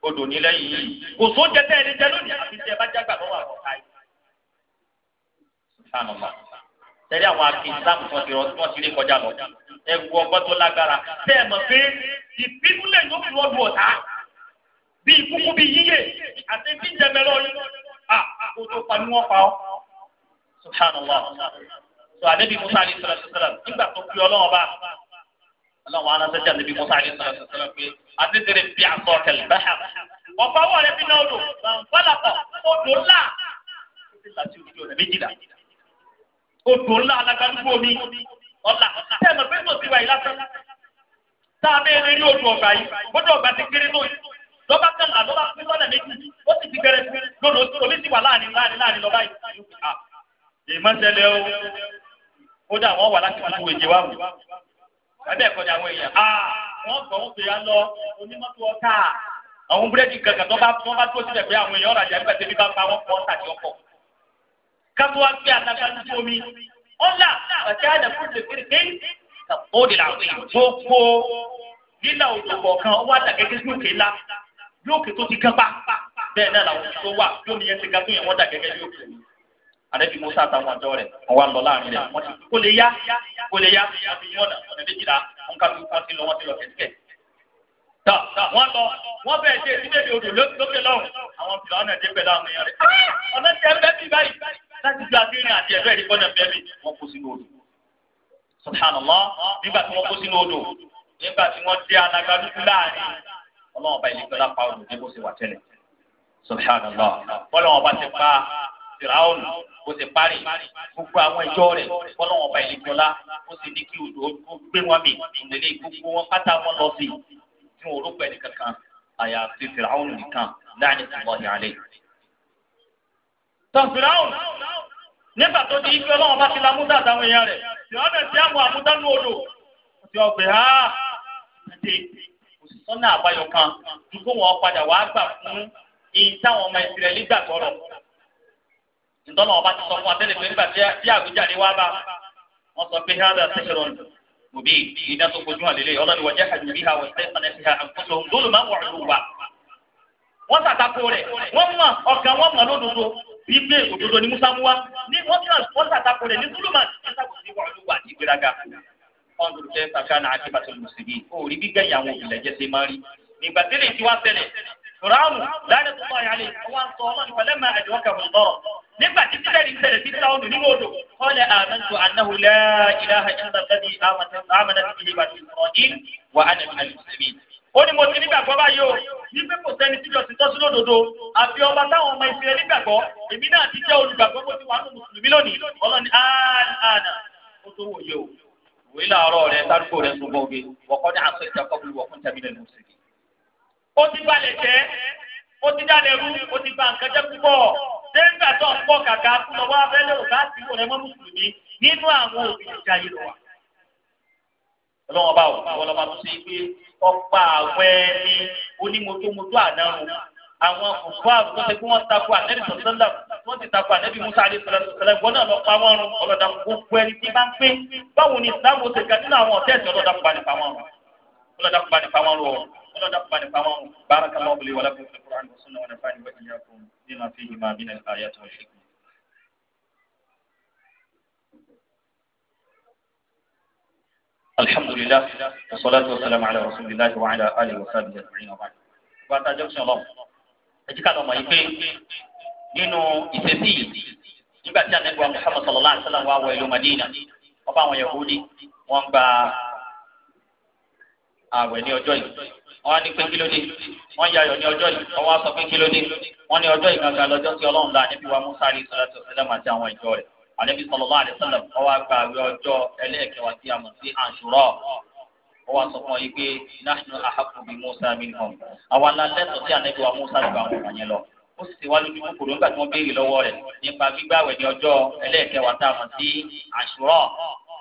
odò ní lẹ́yìn yìí kò só jẹ tẹ́ ẹni jẹ lónìí àfi tẹ́ ẹ bá jágbà lọ́wọ́ àwọn ọ̀tá yìí. subhanallah tẹ́lẹ̀ àwọn akin islam tí wọ́n ti rọ tí wọ́n ti lé kọjá lọ ẹ̀gbọ́n ọgbọ́n tó lágbára tẹ́ mọ̀ pé ìpínlẹ̀ yóò fi wọ́n lu ọ̀tá bí ìkúkú bí yíyé àti bí jẹmẹrọ yìí à kó tó pa ní wọn pa ọ. subhanallah sọ àdébí musa alayhi salatu salam nígbà tó fi ọlọ́wọ́n bá ọlọ́wọ́n anáṣẹ́ jẹ́ àdébí musa alayhi salatu salam pé àtẹ̀tẹ̀rẹ̀ bí àtọ̀ kẹlẹ̀ bá hà. ọ̀pá wọ̀ rẹ̀ bí náà odò bàǹfàlàkọ̀ odò ńlá odò ńlá alágbálúgbò mi ọ̀la tẹ̀ pé mo ti wà yìí lásán. tá a bẹ́ẹ̀ rí odò ọ̀gbà yìí odò ọ̀gbà ti kéré lóyún lọ́ba kẹlà lọ́ba pín sọ́nà méjì ó sì ti bẹ̀rẹ̀ lọ́dọ̀ tó omi sì wà láàrin láàrin láàrin lọ́ba yìí. èèmọ̀ tẹ́lẹ̀ o kódà wọ́n wà láti fún ìjẹ wa wò ẹbẹ́ ẹ̀kọ́ ni àwọn èèyàn wọ́n gbọ́ wọ́n fìyà lọ onímọ́tò ọ̀tá àwọn búrẹ́dì kankan tó bá tó bá tó sílẹ̀ pé àwọn èèyàn ọ̀rajà nígbà tẹ́bí bá bá wọn kọ́ ọ̀tà tí ọkọ̀ kátó wá gbé alágbádú omi ọ̀là ọ̀tá àdàkùn lè kéré kéré ó dì láwùjọ gbogbo lílà òjò kọ̀ọ̀kan ó wá dà gẹ́gẹ́ bí bí òkè tó ti gán pa bẹ́ẹ̀ náà làwọn tó wà bí omi yẹn ti ga tó yẹn wọ́n dà gẹ́gẹ́ bí òkè àdẹ́bí musa àtàwọn ọjọ́ rẹ̀ wọ́n wá lọ láàrin rẹ̀ wọ́n ti kó lè yá kó lè yá àti yọ̀nà ọ̀nà méjìlá wọn ká ló wọn ti lọ wọn ti lọ kẹ̀kẹ́. tà tà wọ́n lọ wọ́n bẹ̀ẹ́ dé sílẹ̀ ní odò lókè lọ́hùn àwọn fìlà ọ̀nà ẹ̀dẹ́ pẹ̀lú àwọn èèyàn rẹ̀. Ah! ọ̀nà tẹ̀ ń bẹ́ bí báyìí láti ju àdéhùn àti ẹ̀rọ ẹ̀dí gbọ́dọ̀ bẹ́ẹ̀ mi wọ́n kó sínú odò ọlọ́wọ́n bá ìlẹ́gbẹ́ lápá ọ̀nà ní bó ṣe wà tẹ́lẹ̀ subhanallah bọ́lọ́wọ́n bá ti pa firaun bó ṣe parí gbogbo àwọn ìjọ rẹ̀ bọ́lọ́wọ́n bá ìlẹ́gbẹ́ lá bó ṣe ní kí odò gbé wọn mì nílé gbogbo wọn pátá wọn lọ sí tí wọn rúgbẹ́ nìkan kan àyàfi firaun nìkan láàrin tìmọ̀ọ́nì àlẹ́ tọ́ firaun nígbà tó di ife ọlọ́wọ́n bá ti la múdà àtàwọn èèyàn rẹ̀ tí bẹ̀ sí àmọ́ àmúdánù odò tí sọ́nà àbáyọ kan ju kó wọn padà wàá gbà fún iye táwọn ọmọ ìsirẹ̀lì gbà tọrọ. ìtọ́nà ọba ti sọ fún abẹ́rẹ́ pé nígbà tí àwíjàre wá bá wọn sọ pé hádà sẹ́kẹ̀rọ̀n òbí ìdá tó fojú hàn lélẹ̀ ọlọ́ni wọ́n jẹ́ àjùbí ha wọ́n sẹ́kàn ẹ̀ fi ha àkóso lólu máa ń wọ̀ lù wá. wọ́n tàtàkó rẹ̀ wọ́n mọ ọ̀kan wọ́n mọ lódodo wípé òdodo ni musa mú wa ní wọ́n tàtàkó rẹ̀ ní wọn lò jẹ sàfihàn àti bàtàlù mùsùlùmí òòrí gbígbẹ ìyàwó ìbílẹ̀ jẹ ṣe máa rí nígbà tí lè ti wá ṣẹlẹ̀ fúráùnù láti tó báyà lè wọn sọ ọlọ́run pẹ̀lẹ́ máa ẹ̀dùn ọkà fún tọrọ nígbà tí títẹ̀ ní ṣẹlẹ̀ sí táwọn nínú odò kọ́lẹ̀ àmẹ́ntò annahu la ilaha tí ó wòye làárọ̀ rẹ sárúkọ rẹ sọgbọ́n oge wọ́kọ́ ní àṣẹ ìjà kọ́bùrù wọ́kún tẹ̀mí lẹ́nu òsèké. ó ti balẹ̀ jẹ́ ó ti jáde rú ó ti ba nǹkan jẹ́ púpọ̀ dẹ́gbà tó ń pọ̀ kàkà kú lọ́wọ́ abẹ́lé òkà àti ìwọ̀n ẹ̀mọ́ mùsùlùmí nínú àwọn òbí ìjà yìí lọ́wọ́. ọlọ́wọ́n bá wò lọ́ba tó ṣe pé ọ̀pá àwẹ̀ ni onímọ̀tòmọ̀tò àdánù àwọn kòkó àbúrò wọ́n ti takò ànábì musa àdé sọlẹ̀ ìwọ náà lọ pa wọ́n rún ọlọ́dà gbogbo ẹni tí bá ń pé báwo ni ìsìlámù ó ti ga nínú àwọn ọ̀tẹ́ ẹ̀sìn ọlọ́dà kúba nípa wọn ọlọ́dà kúba nípa wọn rún ọlọ́dà kúba nípa wọn rún barakallahu li wa lakum fil Qur'ani wa sunnah wa nafa'ani wa iyyakum bima fihi ma min al-ayati wa hikmah الحمد لله والصلاة والسلام على رسول الله وعلى آله وصحبه أجمعين وبعد. وأنت جمشي الله. أجيك على ما يبين nínú ìfẹ́sí yìí nígbà tí ànábì wa Muhammad sallallahu alaihi wa sallam wá wọ ìlú Madina wọ́n bá àwọn Yahudi wọ́n gba ààwẹ̀ ní ọjọ́ yìí wọ́n ní pé kí ló dé wọ́n yayọ̀ ní ọjọ́ yìí wọ́n wá sọ pé kí ló dé wọ́n ní ọjọ́ yìí gangan lọ́jọ́ tí Ọlọ́run la ànábì wa Musa alayhi salatu wa sallam àti àwọn ìjọ rẹ̀ ànábì sallallahu alaihi wa sallam wọ́n wá gba ààwẹ̀ ọjọ́ ẹlẹ́ẹ̀kẹwàá tí a mọ̀ sí Àṣúrà wọ́n wá sọ fún ọ yìí pé nahnu ahaqqu bi Musa minhum àwọn alálẹ́sọ̀ tí ànábì wa Musa gbà wọn kàn lọ ó sì wá lójú kòkòrò nígbà tí wọ́n béèrè lọ́wọ́ rẹ̀ nípa gbígbàwẹ̀ ní ọjọ́ ẹlẹ́ẹ̀kẹwàá tá a mọ̀ sí àṣùrọ̀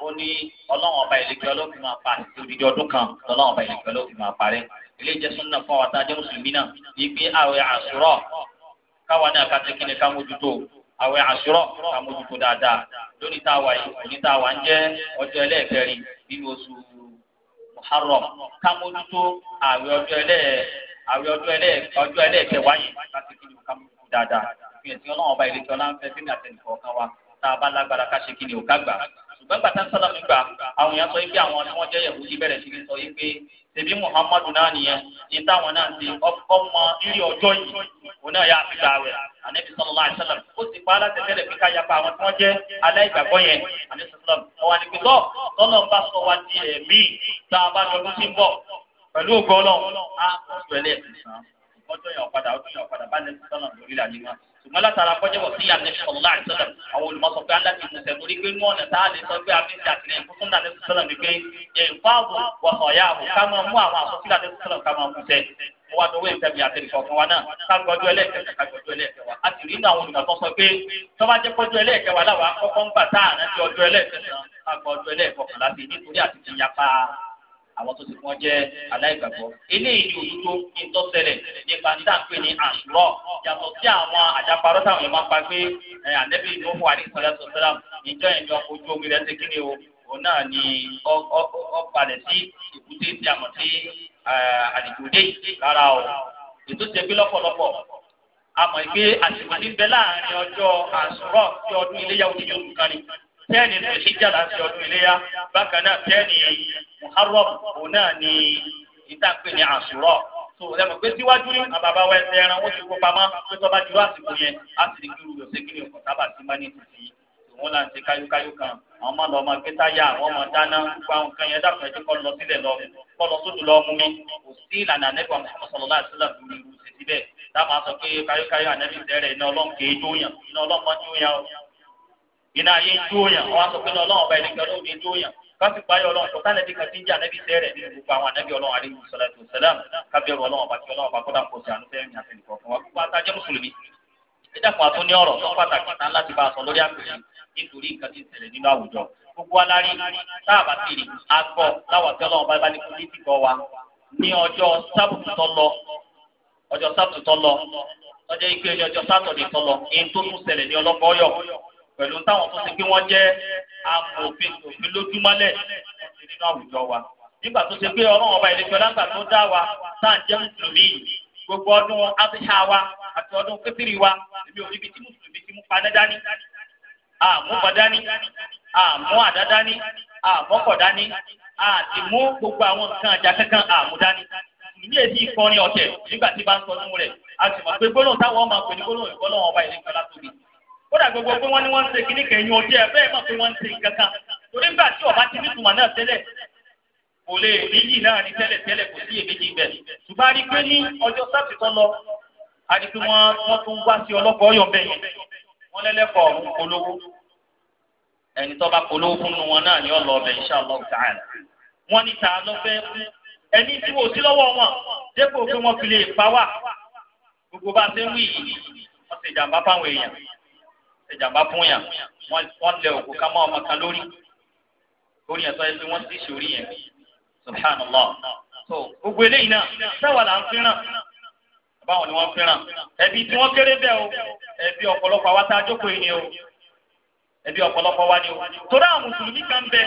ó ní ọlọ́run ọba ìlẹ́kẹ́ ọlọ́fin máa pa àti odidi ọdún kan ọlọ́run ọba ìlẹ́kẹ́ ọlọ́fin máa parẹ́ ilé ìjẹsùn náà fún àwọn àtàjẹ́ mùsùlùmí náà ní pé àwẹ̀ àṣùrọ̀ káwa náà ká tẹ́kí ni ká mójútó àwẹ̀ àṣùrọ̀ ká mójútó dáadáa lónìí tá a wà yìí òní tá a wà ń jẹ́ ọjọ́ ẹlẹ́ẹ̀kẹrin nínú oṣù Muharram ká mójútó àwẹ̀ ọjọ́ ẹlẹ́ẹ̀ àwẹ̀ ọjọ́ ẹlẹ́ẹ̀kẹ́ ọjọ́ ẹlẹ́ẹ̀kẹ́ wáyé láti kí ni o ká mú un dáadáa ìpìlẹ̀ tí ọlọ́run ọba ìlẹ̀kẹ́ ọlá ń fẹ́ sínú àtẹnìkọ̀ ọ̀kan wa tá a bá lágbára ká ṣe kí ni o ká gbà ṣùgbọ́n gbàtà sọ́lá mi gbà àwọn èèyàn sọ pé àwọn tí wọ́n jẹ́ yẹ̀wò yìí bẹ̀rẹ̀ sí ní sọ yìí pé ṣèbí Muhammadu náà nìyẹn ní táwọn náà ti ọmọ rírì ọjọ́ yìí òun náà yà á fi gbà wẹ̀ ànẹ́bí sọlọ́lá àṣẹlẹ̀ ó sì pa alátẹ̀tẹ̀lẹ̀ fi ká yapa àwọn tí wọ́n jẹ́ aláìgbàgbọ́ yẹn ànẹ́bí sọlọ́lá ọ̀wà nípìtọ́ tọ́lọ́ ń bá sọ wa di ẹ̀mí tá a bá jọ lóṣìṣẹ́ bọ̀ pẹ̀lú ògo ọlọ́run á kọjú ẹlẹ́ẹ̀kẹsàn-án ọjọ́ yẹn ọ̀padà ọdún yẹn ọ̀padà bá nẹ́sí sọ́nà lórí ìlànà wa ṣùgbọ́n látara kọjọ́bọ̀ sí ànẹ́sí sọ̀lá àìsọ́nà àwọn olùmọ̀sọ pé aláti ìmùsẹ̀ torí pé ní ọ̀nà tá a lè sọ pé a fi ń ṣàtìlẹ́yìn fún súnà ànẹ́sí sọ́nà mi pé ìfáàbò wọ̀sàn ọ̀yà àbò ká máa mú àwọn àsọsílẹ̀ ànẹ́sí sọ́nà ká máa mú tẹ mo wá dọwọ́ ìfẹ́ mi àti ìfọ̀kan wa náà ká gbọ́jú ẹlẹ́ẹ̀kẹta ká gbọ́jú ẹlẹ́ẹ̀kẹwa a sì rí inú àwọn olùmọ̀tọ́ sọ pé tó bá jẹ́ gbọ́jú ẹlẹ́ẹ̀kẹwa láwa kọ́kọ́ ń gbà tá àrántí ọjọ́ ẹlẹ́ẹ̀kẹsàn-án ká gbọ́jú ẹlẹ́ẹ̀kọkànlá sí nítorí àti ìyapa àwọn tó ti fún ọ jẹ́ aláìgbàgbọ́ eléyìí ni òdodo kí n tó ṣẹlẹ̀ nípa ní tàǹpé ní àṣùrọ̀ yàtọ̀ sí àwọn àjàparọ́ táwọn èèyàn máa ń pa pé ànẹ́bí ló wà ní ìsọ̀rọ̀ sọ̀rọ̀ ìjọ ìjọ ojú omi rẹ̀ ti kí ni o òun náà ni ọ balẹ̀ sí ìbúté tí a mọ̀ sí àlejò dé rárá o ètò tẹ̀gbẹ́ lọ́pọ̀lọpọ̀ a mọ̀ pé àṣìwọ̀n níbẹ̀ láàrin ọjọ́ àṣùrọ̀ sí ọdún iléyàwó tẹ́ẹ̀nì ló ṣíjà láti ọdún iléyà bákan náà tẹ́ẹ̀nì muharram òun náà ni ìtàpé ní àṣùrọ̀ tó ẹ mọ̀ pé síwájú ní àbàbà wa ẹsẹ̀ ẹran wọ́n ti kó pamọ́ pé tó bá dirú àsìkò yẹn á sì rí kírú yọ̀sẹ̀ kí ni ọkọ̀ sábà ti máa ní títì òun là ń ṣe káyókáyó kan àwọn máa lọ máa gbé táyà àwọn máa dáná gbogbo àwọn kan yẹn dàpọ̀ ẹjẹ́ kọ́ lọ sílẹ̀ lọ kọ́ lọ sódò lọ mú mi kò sí ìlànà ànẹ́gbà mọ́sálọ́lá àti sílẹ̀ lórí irú ṣèṣibẹ̀ táwọn máa sọ pé káyókáyó ànẹ́bí tẹ́rẹ̀ iná ọlọ́run kéé dóyàn iná ọlọ́run mọ́ ní ó iná ayé ń jó yàn wọn sọ pé ọlọ́run ọba ẹnìkan ló ní jó káfí payọ ọlọ́run kọta nẹbi kan ti ń jẹ anẹbi sẹrẹ nínú gbogbo àwọn anẹbi ọlọ́run aleyhi salatu salam kábíyẹrù ọlọ́run ọba tí ọlọ́run ọba kọdà kó sí àánú fẹmi àti nìkan fún wa gbogbo àtàjẹ mùsùlùmí ìdàpọ̀ àtúní ọ̀rọ̀ tó pàtàkì tán láti bá a sọ lórí àpèjì nítorí nǹkan tí ń ṣẹlẹ̀ nínú àwùjọ gbogbo alárí tá a bá ti rí agbọ láwọn tí ọlọ́run bá bá ní kúlí ti gbọ wa ní ọjọ́ sábùtù tó lọ ọjọ́ sábùtù tó lọ ọjọ́ ìgbéni ọjọ́ sátọ̀dẹ̀ tó lọ èyí tó tún ṣẹlẹ̀ ní ọlọ́gbọ́yọ̀ pẹ̀lú táwọn tó ṣe pé wọ́n jẹ́ amòfin òfin lójúmọ́lẹ̀ nínú àwùjọ wa nígbà tó ṣe pé ọlọ́run ọba ìlẹ́jọ́ lágbà tó dá wa tá à ń jẹ́ mùsùlùmí gbogbo ọdún abíhá wa àti ọdún kékeré wa èmi ò níbi tí mùsùlùmí ti mú padà dání àmú padání àmú àdádání àmọ́kọ̀dání àti mú gbogbo àwọn nǹkan àjà kankan àmú dání ìdí èsì ìkọrin ọ̀tẹ̀ nígbà tí bá ń sọ nínú rẹ̀ a sì mọ̀ pé gbólóhùn táwọn ọmọ àpè ní gbólóhùn ìkọlọ́wọ́n ọba ìlẹ́jọ́ látòbí kódà gbogbo pé wọ́n ní wọ́n ń ṣe kíní kẹ̀yìn ọjọ́ ẹ̀ bẹ́ẹ̀ mọ̀ pé wọ́n ń ṣe kankan torí nígbà tí ọba ti nítumọ̀ náà tẹ́lẹ̀ kò lè méjì náà ní tẹ́lẹ̀ tẹ́lẹ̀ kò sí èméjì bẹ́ẹ̀ ṣùgbọ́n a rí pé ní ọjọ́ sábì tó lọ a rí pé wọ́n wọ́n tún wá sí ọlọ́kọ̀ ọyọ̀ bẹ́ẹ̀ yẹn wọ́n lẹ́lẹ́kọ̀ ọ̀hún polówó ẹni tó bá polówó fún wọn náà ni ọlọ ọbẹ̀ insha Allah ta'ala wọ́n ní ta ló fẹ́ ẹni tí wò sí lọ́wọ́ wọn dépò pé wọ́n fi lè pa wá gbogbo bá ṣèjàmbá fún yàn wọ́n lẹ òkú ká mọ́ ọmọ kan lórí lórí yẹn tó yẹ pé wọ́n ti ṣòrí yẹn subhanallah so gbogbo eléyìí náà sáwà là ń fẹ́ràn báwọn ni wọ́n fẹ́ràn ẹbí tí wọ́n kéré bẹ́ẹ̀ o ẹbí ọ̀pọ̀lọpọ̀ àwa tá a jókòó yìí ni o ẹbí ọ̀pọ̀lọpọ̀ wa ni o torí àwọn mùsùlùmí kan bẹ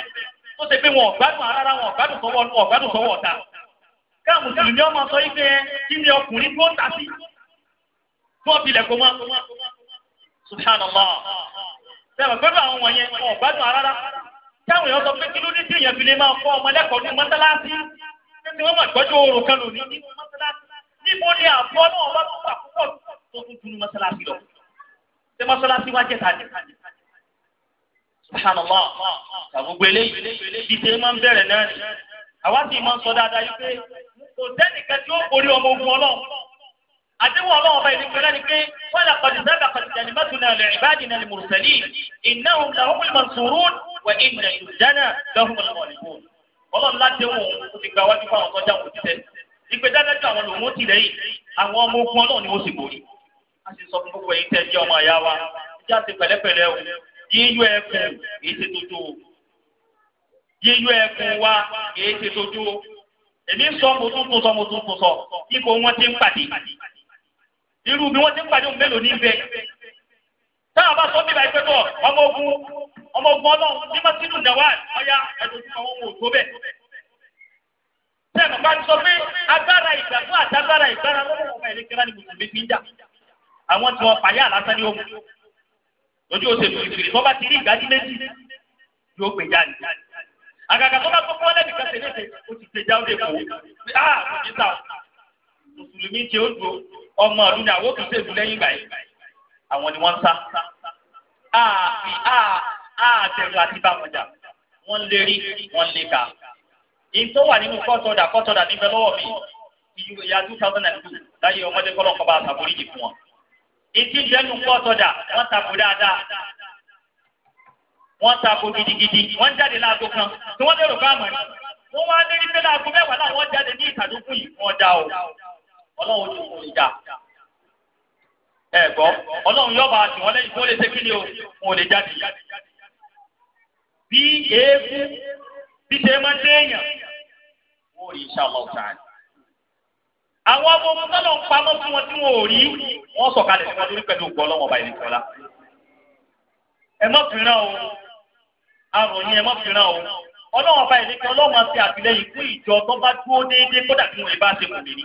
tó ṣe pé wọn ọ̀gbádùn rárá wọn ọ̀gbádùn sọ́wọ́ ọ̀gbádùn sọ́wọ́ ọ̀tá ká mùsùlùmí ọmọ sọ yìí pé kí ni ọkùnrin tó ń tà sí tó ọ̀bìlẹ̀ kò mọ́ subhanallah sẹ́wọ̀n gbẹ́dọ̀ àwọn wọ̀nyẹn wọn ò gbádùn rárá táwọn èèyàn sọ pé kí ló ní tí èèyàn fi lè máa kọ́ ọmọ lẹ́kọ̀ọ́ ní mọ́tálásí ṣé tí wọ́n mọ̀ gbọ́dọ̀ oòrùn kan lónìí nínú mọ́tálásí níbo ni àbọ̀ náà wọ́n tún wà púpọ̀ tó tún dunu mọ́tálásí lọ ṣé mọ́tálásí wá jẹ́ tani subhanallah gbogbo eléyìí bí tẹ́ máa ń bẹ̀rẹ̀ náà ni àwa sì máa ń sọ dáadáa yìí pé kò sẹ́nìkan tí ó borí ọmọ ogun ọlọ́run àdéhùn ọlọ́wọ́n bá ìdíkẹ́ lẹ́ni pé wọ́n lè kọ́ni sábà kọ́ni tẹ̀lé mọ́tò náà lè ìbáàdì náà lè mùrùsẹ̀lì iná òun làwọn kò lè mọ̀ sùúrùn wà iná ìdáná lọ́hùn mọ̀ lọ́wọ́ nìkú. ọlọ́run ládéhùn ó ti gba wájú fáwọn sọ́jà kò títẹ́ ìpè dájú àwọn lòun ti rẹ̀ yìí àwọn ọmọ ogun ọlọ́run ni wọ́n sì borí. a ti sọ fún gbogbo ẹ̀yin tẹ́ jẹ́ ọmọ àyà wa irú bí wọ́n ti ń pàdé òun mélòó ní ibẹ̀ táwọn bá sọ bíbá ẹgbẹ́ tọ̀ ọmọ ogun ọmọ ogun ọlọ́run ní mọ́tínú dàwà ọ̀yà ẹ̀dùn àwọn ọmọ òtó bẹ̀. sẹ́ẹ̀mù bá ti sọ pé agbára ìgbàgbọ́ àtàgbára ìgbára lọ́wọ́ ọmọ ẹ̀lẹ́kẹ́rẹ́ ni mùsùlùmí fi ń jà àwọn tí wọ́n pàyà lásán ní òmù lójú òṣèlú ìfìrì tó bá ti rí ìgbàdí méjì yóò pè jáde àgàgà tó bá gbogbo ọlẹ́bí kan tẹ̀lé tẹ̀ ó ti tẹ̀ jáde ah, kò ó ọmọ ọdún ní àwọn kìí ṣèlú lẹ́yìn ìgbà yìí àwọn ni wọ́n ń sá àfi àtẹ̀rù àti bàmọ̀jà wọ́n lè rí wọ́n lè kà. ìtọ́ wà nínú kọ́tọ̀dà kọ́tọ̀dà níbẹ̀ lọ́wọ́ mi ìyú ìyá two thousand and two láyé ọmọdé kọ́lọ́ kọ́ bá a sàbórí yìí fún wọn. ìtì ìjẹ́nu kọ́tọ̀dà wọ́n takò dáadáa wọ́n takò gidigidi wọ́n jáde láago kan tí wọ́n lérò bá àmọ́ ni wọ́n wá lérí pé láago mẹ́wàá láwọn jáde ní ìtàdókùn yìí fún ọjà o ọlọ́run ti kún ìjà ẹ gbọ́ ọlọ́run yọba àti wọn lẹ́yìn kó lè ṣe kí ni o wọn ò lè jáde bí eégún bí ṣe máa léèyàn wọn ò rí iṣẹ́ ọlọ́ọ̀tà àwọn ọmọ ọmọ tọ́lọ̀ ń pamọ́ fún wọn tí wọn ò rí wọn sọ̀kalẹ̀ sí wọn lórí pẹ̀lú ògbọ́ ọlọ́wọ́n ọba ìlú ìjọba ẹ má fìràn o àròyìn ẹ má fìràn o ọlọ́wọ́n ọba ìlú ìjọba ọlọ́wọ́n ti àtìlẹ́yìn fún ìjọ tó bá dúró déédéé kódà tí wọn ì bá ṣe kò mí ní.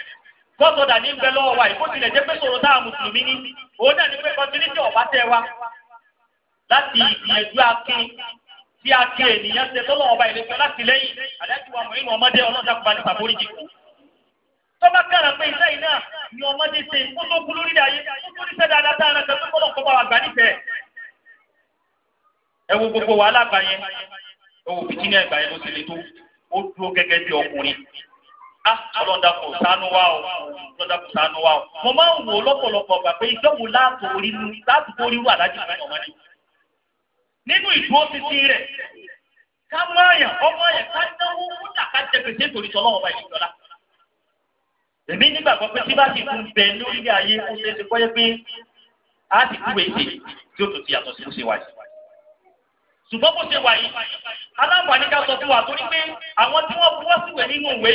sọ́sọ̀dà ní bẹ lọ́wọ́ wa ìkó tilẹ̀ jẹ́ pé sọ̀rọ̀ táwa mùsùlùmí ní òun náà ní pé kọ́ńtínítì ọ̀bá tẹ wa láti ìgbìyànjú akin tí akin ènìyàn ṣe tọ́lọ̀ ọba ìlẹ́fẹ́ láti lẹ́yìn àdájú wa mọ̀ínú ọmọdé ọlọ́dàkùnbá nípa foríjì kù. tọ́ba kára pé iṣẹ́ yìí náà ni ọmọdé ṣe kó tó kú lórí ayé kó tó níṣẹ́ dáadáa tá a náà tẹ́tí kọ́lọ̀ kọ́ bá wa gbà nífẹ̀ẹ́. ẹ wo gbogbo wàhálà gbà yẹn ẹ wo bìkínì ẹ̀gbà yẹn ló ti le tó ó dúró gẹ́gẹ́ bí ọkùnrin ah ọlọ́dàpọ̀ sànú wa o ọlọ́dàpọ̀ sànú wa o mo máa ń wò lọ́pọ̀lọpọ̀ gbà pé ìjọ́wò láàbò orí láàbò orí wà lájú ìfẹ́ ọmọdé nínú ìdúró títí rẹ̀ ká mọ̀ọ́yàn ọmọọ̀yàn ká náwó kúta ká jẹgbèsè torí sọlọ́ ọba ìjọba. èmi nígbàgbọ́ pé tí bá ti kún bẹ lórí ayé ó ṣe é ṣe kọ́yẹ́ pé a ti kú wèé ṣe tí ó tó ti yàtọ̀ sí ó ṣe wáyé ṣùgbọ́n bó ṣe wà yìí aláǹfààní ká sọ fún wa torí pé àwọn tí wọ́n buwọ́ síwẹ̀ nínú ìwé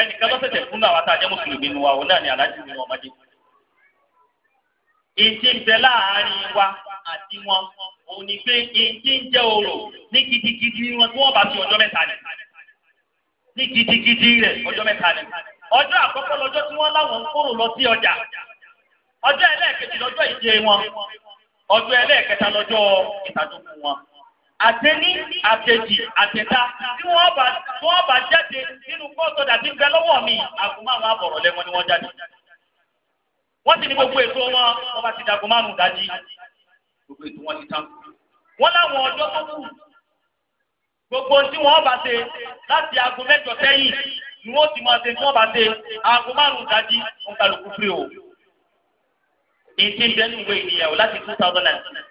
ẹnìkan ló ṣẹ̀ṣẹ̀ fún àwọn àtàjẹ́ mùsùlùmí nu wa òun náà ni aláàjì nínú ọmọdé. ìdí ń bẹ láàárín wa àti wọn òun ni pé ìdí ń jẹ́ orò ní gidigidi wọn tí wọ́n bá ti ọjọ́ mẹ́ta ni ní gidigidi rẹ̀ ọjọ́ mẹ́ta ni ọjọ́ àkọ́kọ́ lọ́jọ́ tí wọ́n láwọn ń kóró lọ sí ọjà ọjọ́ ẹlẹ́ẹ̀kejì lọ́jọ́ ìje àtẹní àtẹjì àtẹta tí wọn bá wọn bá jáde nínú kóòtù dàbí bẹ lọ́wọ́ mi àgùnmá àwọn àbọrọ lẹwọn ni wọn jáde wọn sì ní gbogbo ètò wọn wọn bá ti dàgùn márùn dájí gbogbo ètò wọn ti tán wọn láwọn ọjọ́ tó kù gbogbo tí wọn bá ṣe láti aago mẹ́jọ sẹ́yìn ni wọn ti máa ṣe tí wọn bá ṣe aago márùn dájí wọn kálukú fúri o èyí ti ìwé ìnìyàwó láti two thousand and six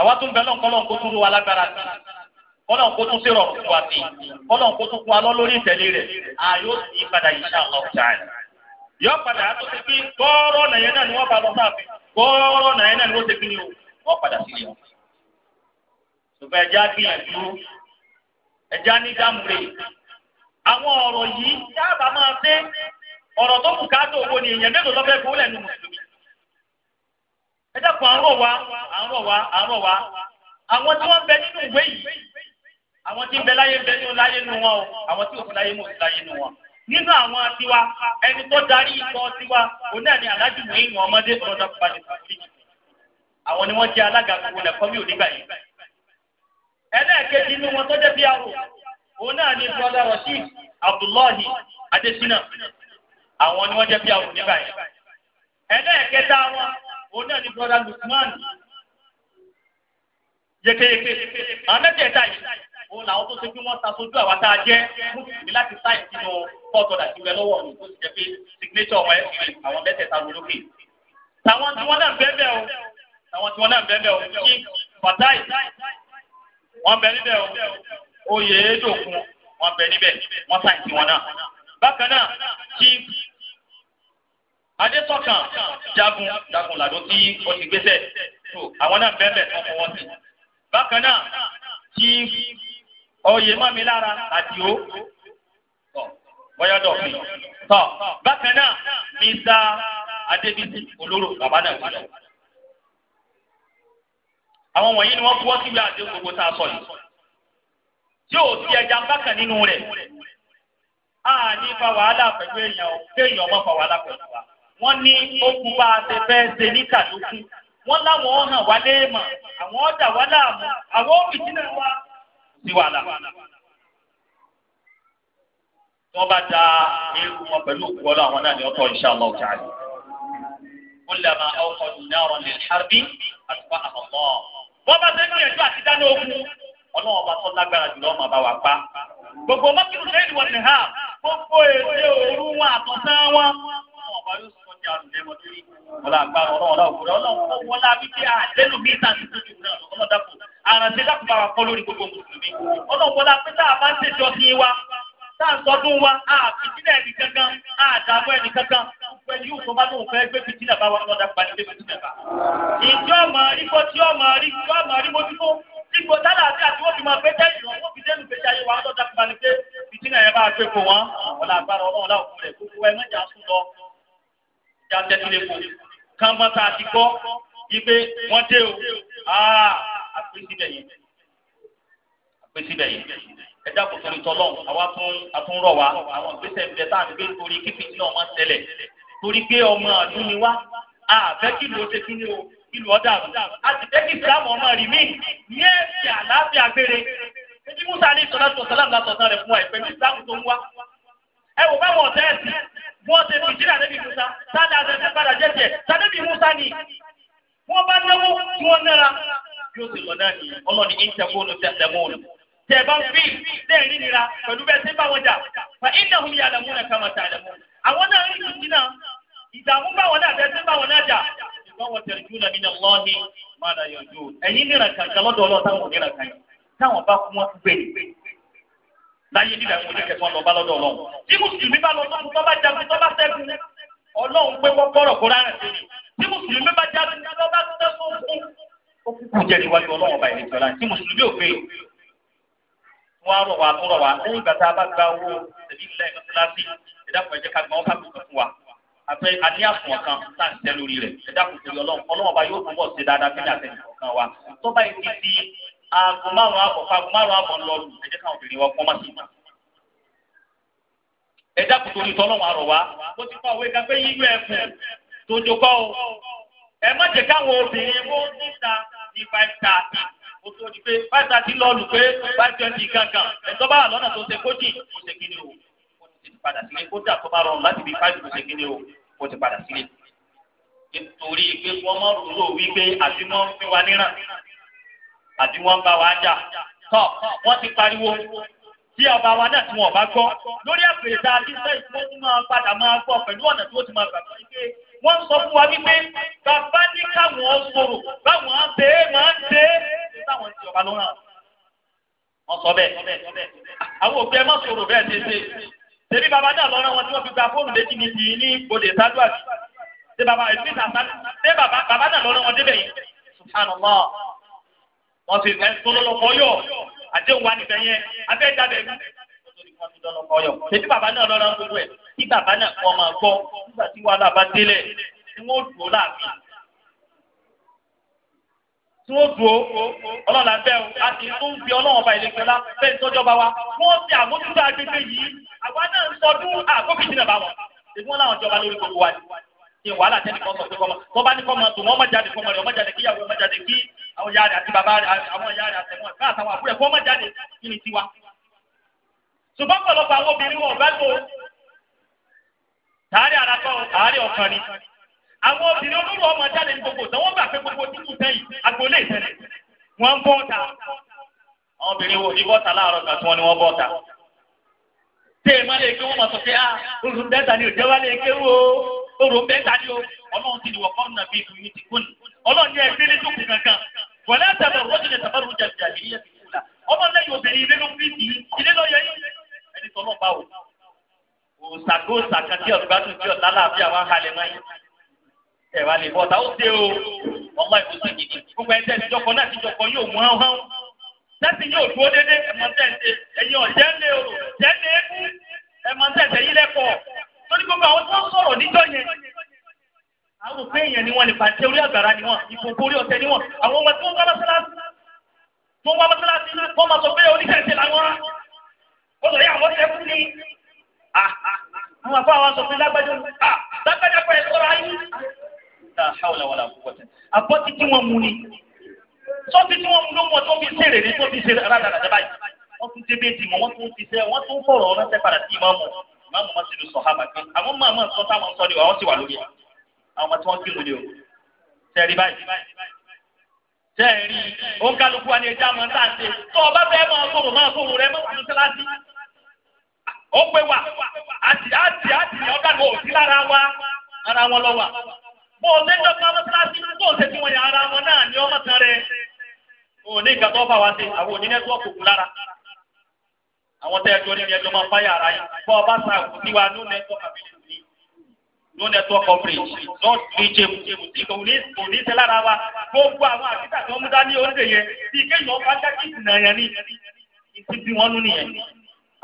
àwa tó ń bẹ lọ́n kọ́lọ́n kó tún wà lágbára sí kọ́lọ́n kó tún sèrọ̀ fún wa sí kọ́lọ́n kó tún fún wa lọ lórí ìtẹ̀lé rẹ̀ a yóò sì padà yìí ṣáà lọ ṣáà rẹ̀. yọ padà tó ti fi gbọ́ọ́rọ́ nàyẹn náà ni wọ́n bá lọ sáàfin gbọ́ọ́rọ́ nàyẹn náà ni wọ́n ti fi ni o wọ́n padà sí ilé wọn. ṣùgbọ́n ẹja gbìyànjú ẹja ní dámúre àwọn ọ̀rọ̀ yìí sábà máa ṣe ọ̀rọ̀ tó kù káàtó ẹ dẹ́kun àárọ̀ wa àárọ̀ wa àárọ̀ wa àwọn tí wọ́n bẹ nínú ìwé yìí àwọn tí ń bẹ láyé ń bẹ nínú wọn o àwọn tí ò sí láyé mú sí láyé wọn nínú àwọn tiwa ẹni tó darí ikọ̀ tiwa òun náà ni alájú wíìnì ọmọdé ọlọ́dọ̀ pàdé pàdé ni wọ́n jẹ́ alága gbogbo lẹ́kọ́ mi ò nígbà yìí ẹlẹ́ẹ̀kejì wọn tó òun náà ni rasheed abdullahi adesina àwọn ni wọ́n jẹ́ bí nígbà yìí ẹlẹ́ẹ̀kẹta wọn òun náà ni brother Lukman yékéyéké àmẹ́tẹ̀ẹ̀ta yìí òun làwọn tó ṣe pé wọ́n ṣàṣojú àwa tá a jẹ́ mùsùlùmí láti sáì sínú fọ́ọ̀tọ̀ dàtí wẹ lọ́wọ́ mi tó sì jẹ́ pé signature ọmọ ẹ̀sìn rẹ̀ àwọn mẹ́tẹ̀ẹ̀ta ló lókè. tàwọn tí wọ́n náà bẹ́ẹ̀ bẹ́ẹ̀ o tàwọn tí wọ́n náà bẹ́ẹ̀ bẹ́ẹ̀ o kí fatai wọ́n bẹ níbẹ̀ o oyè édòkun wọ́n bẹ níbẹ̀ wọ́n sáì sí wọn náà. bákan náà chief adétọ́kàn jagun jagun làdó tí ó ti gbéṣẹ́ tó àwọn náà bẹ́ẹ̀ bẹ́ẹ̀ fún wọn sí. bákan náà tí oyè mọ́ mi lára àti ó bọ́yọ́dọ̀ mi. tọ́ bákan náà mr adébísí olóró bàbá náà wà lọ. àwọn wọ̀nyí ni wọ́n buwọ́ síbi àdéhùn gbogbo tá a sọ yìí. tí ò sí ẹja bákan nínú rẹ̀ a ní fa wàhálà pẹ̀lú èèyàn o kéèyàn má fa wàhálà pẹ̀lú wa. wọ́n ní okùn bá a ṣe fẹ́ ṣe ní wọ́n láwọn ọ̀hàn wálé léèmọ̀ àwọn ọ̀dà wá láàmú àwọn òbítí náà wà. wọ́n bá da wọn pẹ̀lú òkú ọlọ́ àwọn náà ní ọ̀tọ̀ ìṣàlọ́ ọ̀tàlẹ̀. kullama awqadu naran lil harbi atfa'aha Allah. wọ́n bá sẹ́yìn ìrìnàjò àti dáná ogun lágbára jùlọ bá wa pa. gbogbo mọ́kìlú tí a lò lẹ́mọ lórí ọ̀la àgbára ọlọ́run ọ̀la òkúrẹ́ ọlọ́run tó wọlé abíké àlẹ́nu mi ta ní sójú náà ọlọ́run dàpọ̀ àrùn tí dàpọ̀ bá wa kọ́ lórí gbogbo mùsùlùmí ọlọ́run wọlé abíké tá a bá ń tẹ̀sọ́ sí wa tá a sọdún wa a fìtílẹ̀ ẹni kankan a dààmú ẹni kankan pẹ̀lú yóò tó bá lóun fẹ́ gbé fìtílẹ̀ bá wa ọlọ́run dàpọ̀ àti gbé fìtílẹ̀ bá. ìjọ máa rí kọ́ tí ó máa rí tí ó máa rí mójútó ipò tálà àti àti wọ́n fi máa gbé tẹ́lẹ̀ lọ wọ́n fi dẹ́nu kí á tẹ́tí lé fún un kán mọ́ tá a ti gbọ́ ipe wọ́n dé o àpèsíbẹ̀ yìí àpèsíbẹ̀ yìí ẹ dákun torí tọ́lọ́ àwa tún rọ̀ wá àwọn ìgbésẹ̀ ìbílẹ̀ tá à ń gbé torí kíkì náà máa ń tẹ̀lẹ̀ torí pé ọmọ ọdún ni wá àfẹ́ kí ló ṣe kí ni o ìlú ọ̀dà a sì fẹ́ kí ìsìlámù ọmọ rí mi ní ẹ̀sìn àlàáfíà gbére ebi musa ní sọlá tó sọlá ńlá tọ̀sán rẹ̀ fún wa ìpè ní wọ́n ṣe fìdílà níbi musa sáadà àtẹ̀sẹ̀ padà jẹ́jẹ́ sàdébì musa ni wọ́n bá náwó tí wọ́n nára yóò sì lọ náà ọlọ́ni tẹ̀ bá ń fi bẹ́ẹ̀ n'ira pẹ̀lú bẹ́ẹ̀ sí bá wọn jà wà iná hun yà lẹ́mú náà kàmá tà lẹ́mú. àwọn náà ń sùn jìnnà ìdààmú bá wọn náà bẹ́ẹ̀ bá wọn náà jà ìgbà wọn tẹ̀lé láyé nígbà tó ní kẹfọn lọ bá lọ́dọ̀ Ọlọ́run tí mùsùlùmí bá lọ sọdún tó bá jagun tó bá ṣẹ́gun Ọlọ́run pé kọ́kọ́rọ́ kó rárá sí tí mùsùlùmí bá jagun tó bá ṣẹ́gun fún kó jẹ níwájú Ọlọ́run ọba ìlẹjọ la tí mùsùlùmí ò gbé wọn rọ wa tó rọ wa lẹ́yìn ìgbà tá a bá gba owó ẹbí ńlá ẹgbẹ́ síláàsì ẹ̀dá kan ẹjẹ ká gbọn ọkà tó fún wa àfẹ àní àfùwọn kan tá à ń tẹ lórí rẹ̀ ẹ̀dá kò tó yọ Ọlọ́run Ọlọ́run ọba yóò túbọ̀ ṣe dáadáa fẹlẹ àtẹnìkọ kan wa tó bá yẹ ti di aago márùn àbọ̀ aago márùn àbọ̀ lọ lù ẹ jẹ́ káwọn obìnrin wa kọ́ má sí ìgbà. ẹ dákun torí tọ́lọ́wọ́n àrọ̀ wá bó ti kọ́ òwe kan pé yíyọ ẹ̀kún tó jokọ́ o ẹ má jẹ́ káwọn obìnrin wọ́n níta ní five thirty o tó di pé five thirty lọ lù pé five twenty kankan ẹ̀tọ́ bá wà lọ́nà tó ṣe kójì kó ṣe kí ni o kó ti padà sílé kó dà tó bá rọrùn láti bí five kó ṣe kí ni o kó ti padà sílé nítorí pé wọ́n mọ̀ rò wípé àti wọ́n fi wa níran àti wọ́n ń bá wa jà tọ́ wọ́n ti pariwo tí ọba wa náà tí wọn bá gbọ́ lórí àpèrè tá a ti sẹ́ ìfowó tí máa padà máa gbọ́ pẹ̀lú ọ̀nà tí ó ti máa gbà pé wọ́n sọ fún wa wípé bàbá ní káwọn sọ̀rọ̀ báwọn ṣe é máa ń ṣe é táwọn ti ọba lọ́ràn wọ́n sọ bẹ́ẹ̀ àwọn òbí ẹ má sọ̀rọ̀ bẹ́ẹ̀ ṣe ṣe tèmi bàbá náà lọ́ràn wọn tí wọ́n fi gba fóònù méjì ní ti ní bòdè sádù àbí bàbá náà lọ́ràn wọn débẹ̀ yìí wọ́n ti ẹ̀ tó lọ́lọ́kọ yọ̀ àdéhùn wa nìkan yẹn abẹ́ jáde ẹ̀mí. tètè bàbá náà lọ́ra gbogbo ẹ̀ tí bàbá náà kọ́ máa gbọ́ nígbà tí wàhálà bá délẹ̀ tí wọ́n dùn ó láàbì. tí wọ́n dùn ó ọlọ́la bẹ́ẹ̀ o a ti tún fi ọlọ́run ọba ìlẹ̀ ìfẹ́lá bẹ́ẹ̀ tọ́jọ́ bá wa wọ́n ti àmójútó agbègbè yìí àwa náà ń sọdún àkókò ìdílé bá wọn èmi wọn làwọn jọba lórí gbogbo wa ni wàhálà tẹ́lẹ̀ sọ pé kọ́ àwọn ìyá rẹ̀ àti bàbá rẹ̀ àwọn ìyá rẹ̀ àtẹ̀wọ̀n ẹ̀ káàtà wà fún ẹ̀ kí ni tiwa. ṣùgbọ́n pọ̀lọpọ̀ àwọn obìnrin wọn ọ̀bẹ tó tààrí àràkọ tààrí ọkàn ni àwọn obìnrin olóró ọmọ ní gbogbo gbà pé gbogbo agboolé ń àwọn wo ní láàárọ̀ tí wọ́n ní wọ́n ẹ má lè sọ pé ah ni wo ni ọlọ́run ti ní ọlọ́run ní ẹgbẹ́ ní jókòó kankan wọlé àtàbọ̀ rọ́jò lè tàbá rújà jà ní ilé tuntun la ọmọ lẹ́yìn obìnrin ilé ló fi tì í ilé lọ yẹ ẹni tọ́ lọ́ba o òsàgó òsàkà tí ọ̀gbá tó tí ọ̀tá láàbíà wá halẹ̀ mọ́ yìí ẹ̀ wá lè bọ́ta ó dé o ọmọ ìbùsùn gidi gbogbo ẹ̀ tẹ́ ìjọkọ náà ti jọkọ yóò mú hán hán tẹ́sí yóò dúró dédé ẹ̀mọ́ tẹ̀sí ẹ̀yin ọ̀jẹ́ lé o jẹ́ lé ẹ̀mọ́ tẹ̀sí ẹ̀yin lẹ́kọ̀ọ́ torí gbogbo àwọn tó ń sọ̀rọ̀ níjọ́ yẹn èèyàn ni wọ́n lè pàǹtẹ́ orí àgbàrá ni wọ́n ìkòkò orí ọ̀tẹ̀ ni wọ́n àwọn ọmọ tí wọ́n wá mọ́sálásí tó wá mọ́sálásí wọ́n máa sọ pé oníṣẹ́ṣe làwọn ó sọ yẹ àwọn ṣẹ́ fún ni àwọn afọ àwọn sọ pé lágbájá lágbájá pẹ̀lú sọ́ra yín. àbọ̀tí tí wọ́n mú ni sọ́ọ̀tì tí wọ́n mú ló mọ̀ tó fi ṣèrè ní tó fi ṣe rádaràdà báyìí wọ́n tún dé méjì mọ́ wọ́n tún fi ṣe wọ́n tún fọ̀rọ̀ ránṣẹ́ padà sí ìmáàmù ìmáàmù mọ́sídùú sọ̀hábà kan àwọn máa máa sọ táwọn sọ ni àwọn sì wà lórí ẹ̀. àwọn ọmọ tí wọ́n kírun o sẹ́ẹ̀rí báyìí sẹ́ẹ̀rí ó ń kálukú wa ní ẹja mọ́ tá a ṣe tó o bá fẹ́ máa fòrò máa fòrò rẹ mọ́ wà lọ́sẹ̀láṣí ó pé wà àti àti àti ní ló sí lára ara wọn lọ wà bó o ṣe ń dọ́gba lọ́sẹ̀láṣí bó ara wọn náà ní ọmọ tán rẹ òun ní nǹkan tó fà wá àwọn òní nẹ́tíwọ́ọ̀kì lára ara ọ bá sa wa ní no network coverage not reachable kò ní kò ní ṣe lára wa gbogbo àwọn àbíkà tó ń mú dání orílẹ̀ yẹn bí kéèyàn bá jẹ́ kí ìsìn náà yẹn ní ìsìn bí wọ́n nú nìyẹn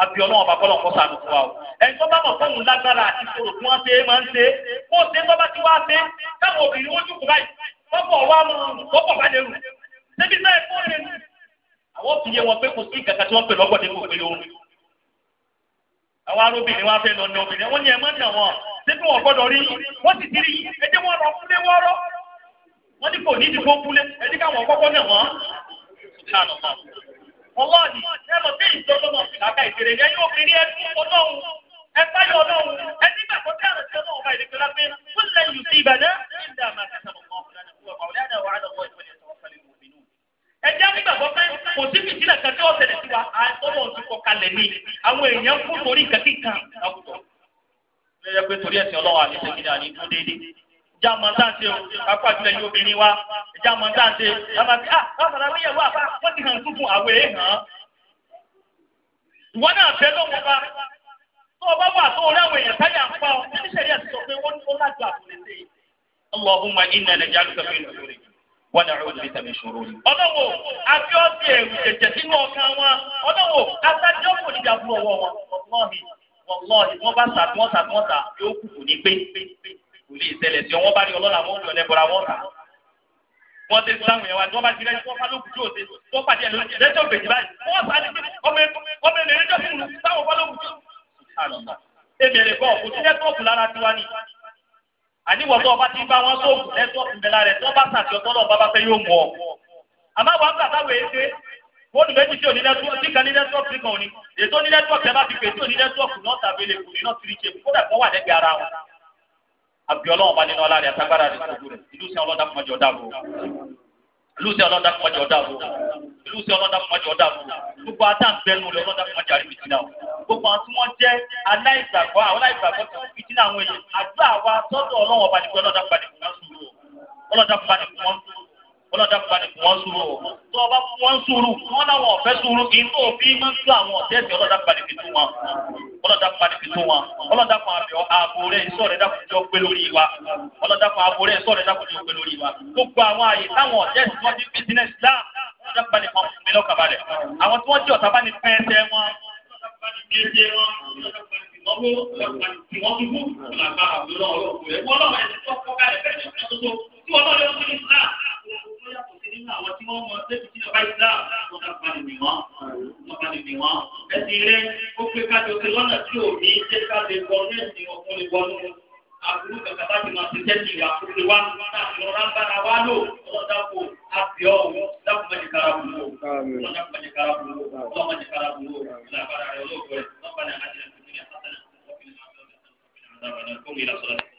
àbí ọlọ́run bá kọ́lọ́ fọ́sà ló fún wa o ẹni tó bá mọ̀ fóun lágbára àti ìṣòro tí wọ́n ṣe é máa ń ṣe kó o ṣe tó bá ti wá ṣe káwọn obìnrin wọ́n jókòó báyìí kọ́pọ̀ wá mú kọ́pọ̀ bá lè rù débi náà ẹ̀kọ́ rẹ̀ nù. àwọn òfin yẹ wọn pé kò sí ìkàkà tí wọ́n pè lọ́gbọ̀dé kò pé òun. àwọn arúbìnrin wọn fẹ́ lọ ní obìnrin wọn ní ẹ má nà wọn ṣébí wọn gbọ́dọ̀ rí wọ́n sì ti rí ẹjẹ́ wọn lọ kúlé wọ́ọ́rọ́ wọ́n ní kò ní ìdìbò kúlé ẹjẹ́ káwọn kọ́kọ́ náà ẹ lọ sí ìṣeré ẹ yóò fi rí ẹ fún ẹ báyọ̀ ẹ nígbà tó tẹ́ ọba ìdíkẹ́ lápẹ́ fún lẹ́yìn ìbàdàn kò sí fìtílẹ̀ kan tí lẹ́yìn pé torí ẹ̀sìn ọlọ́wọ́ àti ìṣèkìlẹ̀ àti ìdúró déédéé ìjà mọ̀ tá à ṣe o pápá ìpínlẹ̀ yìí obìnrin wa ìjà mọ̀ tá à ṣe lábàá bí ah bàbá wíyẹ̀wò àbá wọ́n ti hàn túbú àwẹ̀ hàn án. ìwọ náà fẹ́ lọ́wọ́ bá tó o bá wà tó o láwọn èèyàn táyà ń pa ọ ní sẹ́yìn àti sọ pé wọ́n ní kó lájọ àbúrẹ́sẹ̀ yìí. Allahumma inna naj'aluka fi nuzuri wa na'udhu bika min shururi. ọlọ́wọ́ àfi ọ́ wọ́n ní wọ́n bá ta tí wọ́n ta tí wọ́n ta yóò kù kù ní pé kò lè ṣẹlẹ̀ tí wọ́n bá rí ọlọ́lá wọn lọ lẹ́bọ̀ra wọn ta. wọ́n ti sáwọn yẹn wá tí wọ́n bá ti rẹ́ wọ́n bá lókùn tí ò ṣe wọ́n pàdé ẹ̀ lẹ́jọ́ gbèjì báyìí wọ́n sá ní pé ọmọ ẹ̀ lẹ́jọ́ fún un táwọn bá lókùn tí ò ṣe. èmi ẹ̀rẹ̀ kọ́ fóònù méjì tí ò ní nẹ́tíwọ́ọ̀kì tí kan ní nẹ́tíwọ́ọ̀kì kan ò ní ètò ní nẹ́tíwọ́ọ̀kì ẹ bá ti pè tí ò ní nẹ́tíwọ́ọ̀kì náà tàbí lè kù nínú tìrìkì èkó kódà kan wà lẹ́gbẹ̀ẹ́ ara wọn. abiola wọn bá nínú ọlá rẹ àtàgbára rẹ tó dúró ìlú sí ọlọ́dà fún ọjọ́ dàbò ìlú sí ọlọ́dà fún ọjọ́ dàbò ìlú sí ọlọ́dà fún ọjọ́ dàbò gbogbo atáǹgbẹ́nu lọ ọlọ́dà fún ọjọ́ àríwí tìǹà gbogbo àwọn tí jẹ́ aláìgbàgbọ́ àwọn aláìgbàgbọ́ tí fi tìǹà àwọn èèyàn àdúrà wa sọ́dọ̀ ọlọ́wọ́n ọba nìkan ọlọ́dà fún ọjọ́ dàbò ọlọ́dà fún ọjọ́ dàbò ọlọ́dà padì fún wọn sùúrù o tó o bá fún wọn sùúrù wọn làwọn ọ̀fẹ́ sùúrù kì í tó o fi máa ń tú àwọn ọ̀tẹ́ ẹ̀sìn ọlọ́dà padì fi tún wọn ọlọ́dà padì fi tún wọn ọlọ́dà kan àbẹ̀ ààbò rẹ̀ ìṣọ́ rẹ̀ dàkúnjọ́ pé lórí wa ọlọ́dà kan ààbò rẹ̀ ìṣọ́ rẹ̀ dàkúnjọ́ pé lórí wa gbogbo àwọn àyè táwọn ọ̀tẹ́ ẹ̀sìn wọn ti fi sílẹ̀ sílá ọlọ́dà padì kan fún mi lọ́kàbalẹ̀ àwọn tí wọ́n jẹ́ ọ̀tá bá ní pẹ́ẹ́tẹ́ wọn ọlọ́dà padì tí wọn lọ́ọ́ yọ sí islam ó yàtọ̀ sí nínú àwọn tí wọ́n mọ débi tí ọba islam wọn bá lè mì wọ́n wọn bá lè mì wọ́n ẹsìn rẹ ó gbé kájọ sí lọ́nà tí ò ní jẹ́ ká lè wọ ní ẹ̀sìn ọ̀fun lè wọnú àbúrò kàkà bá ti máa ti tẹ́sí àkókò wa láti ọ̀rá ń wa lò ọlọ́dàpọ̀ àbíọ́ dákùnmọ́jì karabùn lò ọlọ́dàkùnmọ́jì karabùn lò ọlọ́mọjì karabùn lò ìlàbára rẹ̀ olóògbé lọ́pàá ní àjẹsí ní àtàlẹ́ ọ̀pìnrin àti ọ̀pìnrin àti ọ̀pìnrin àti ọ̀pìnrin àti ọ̀pìnrin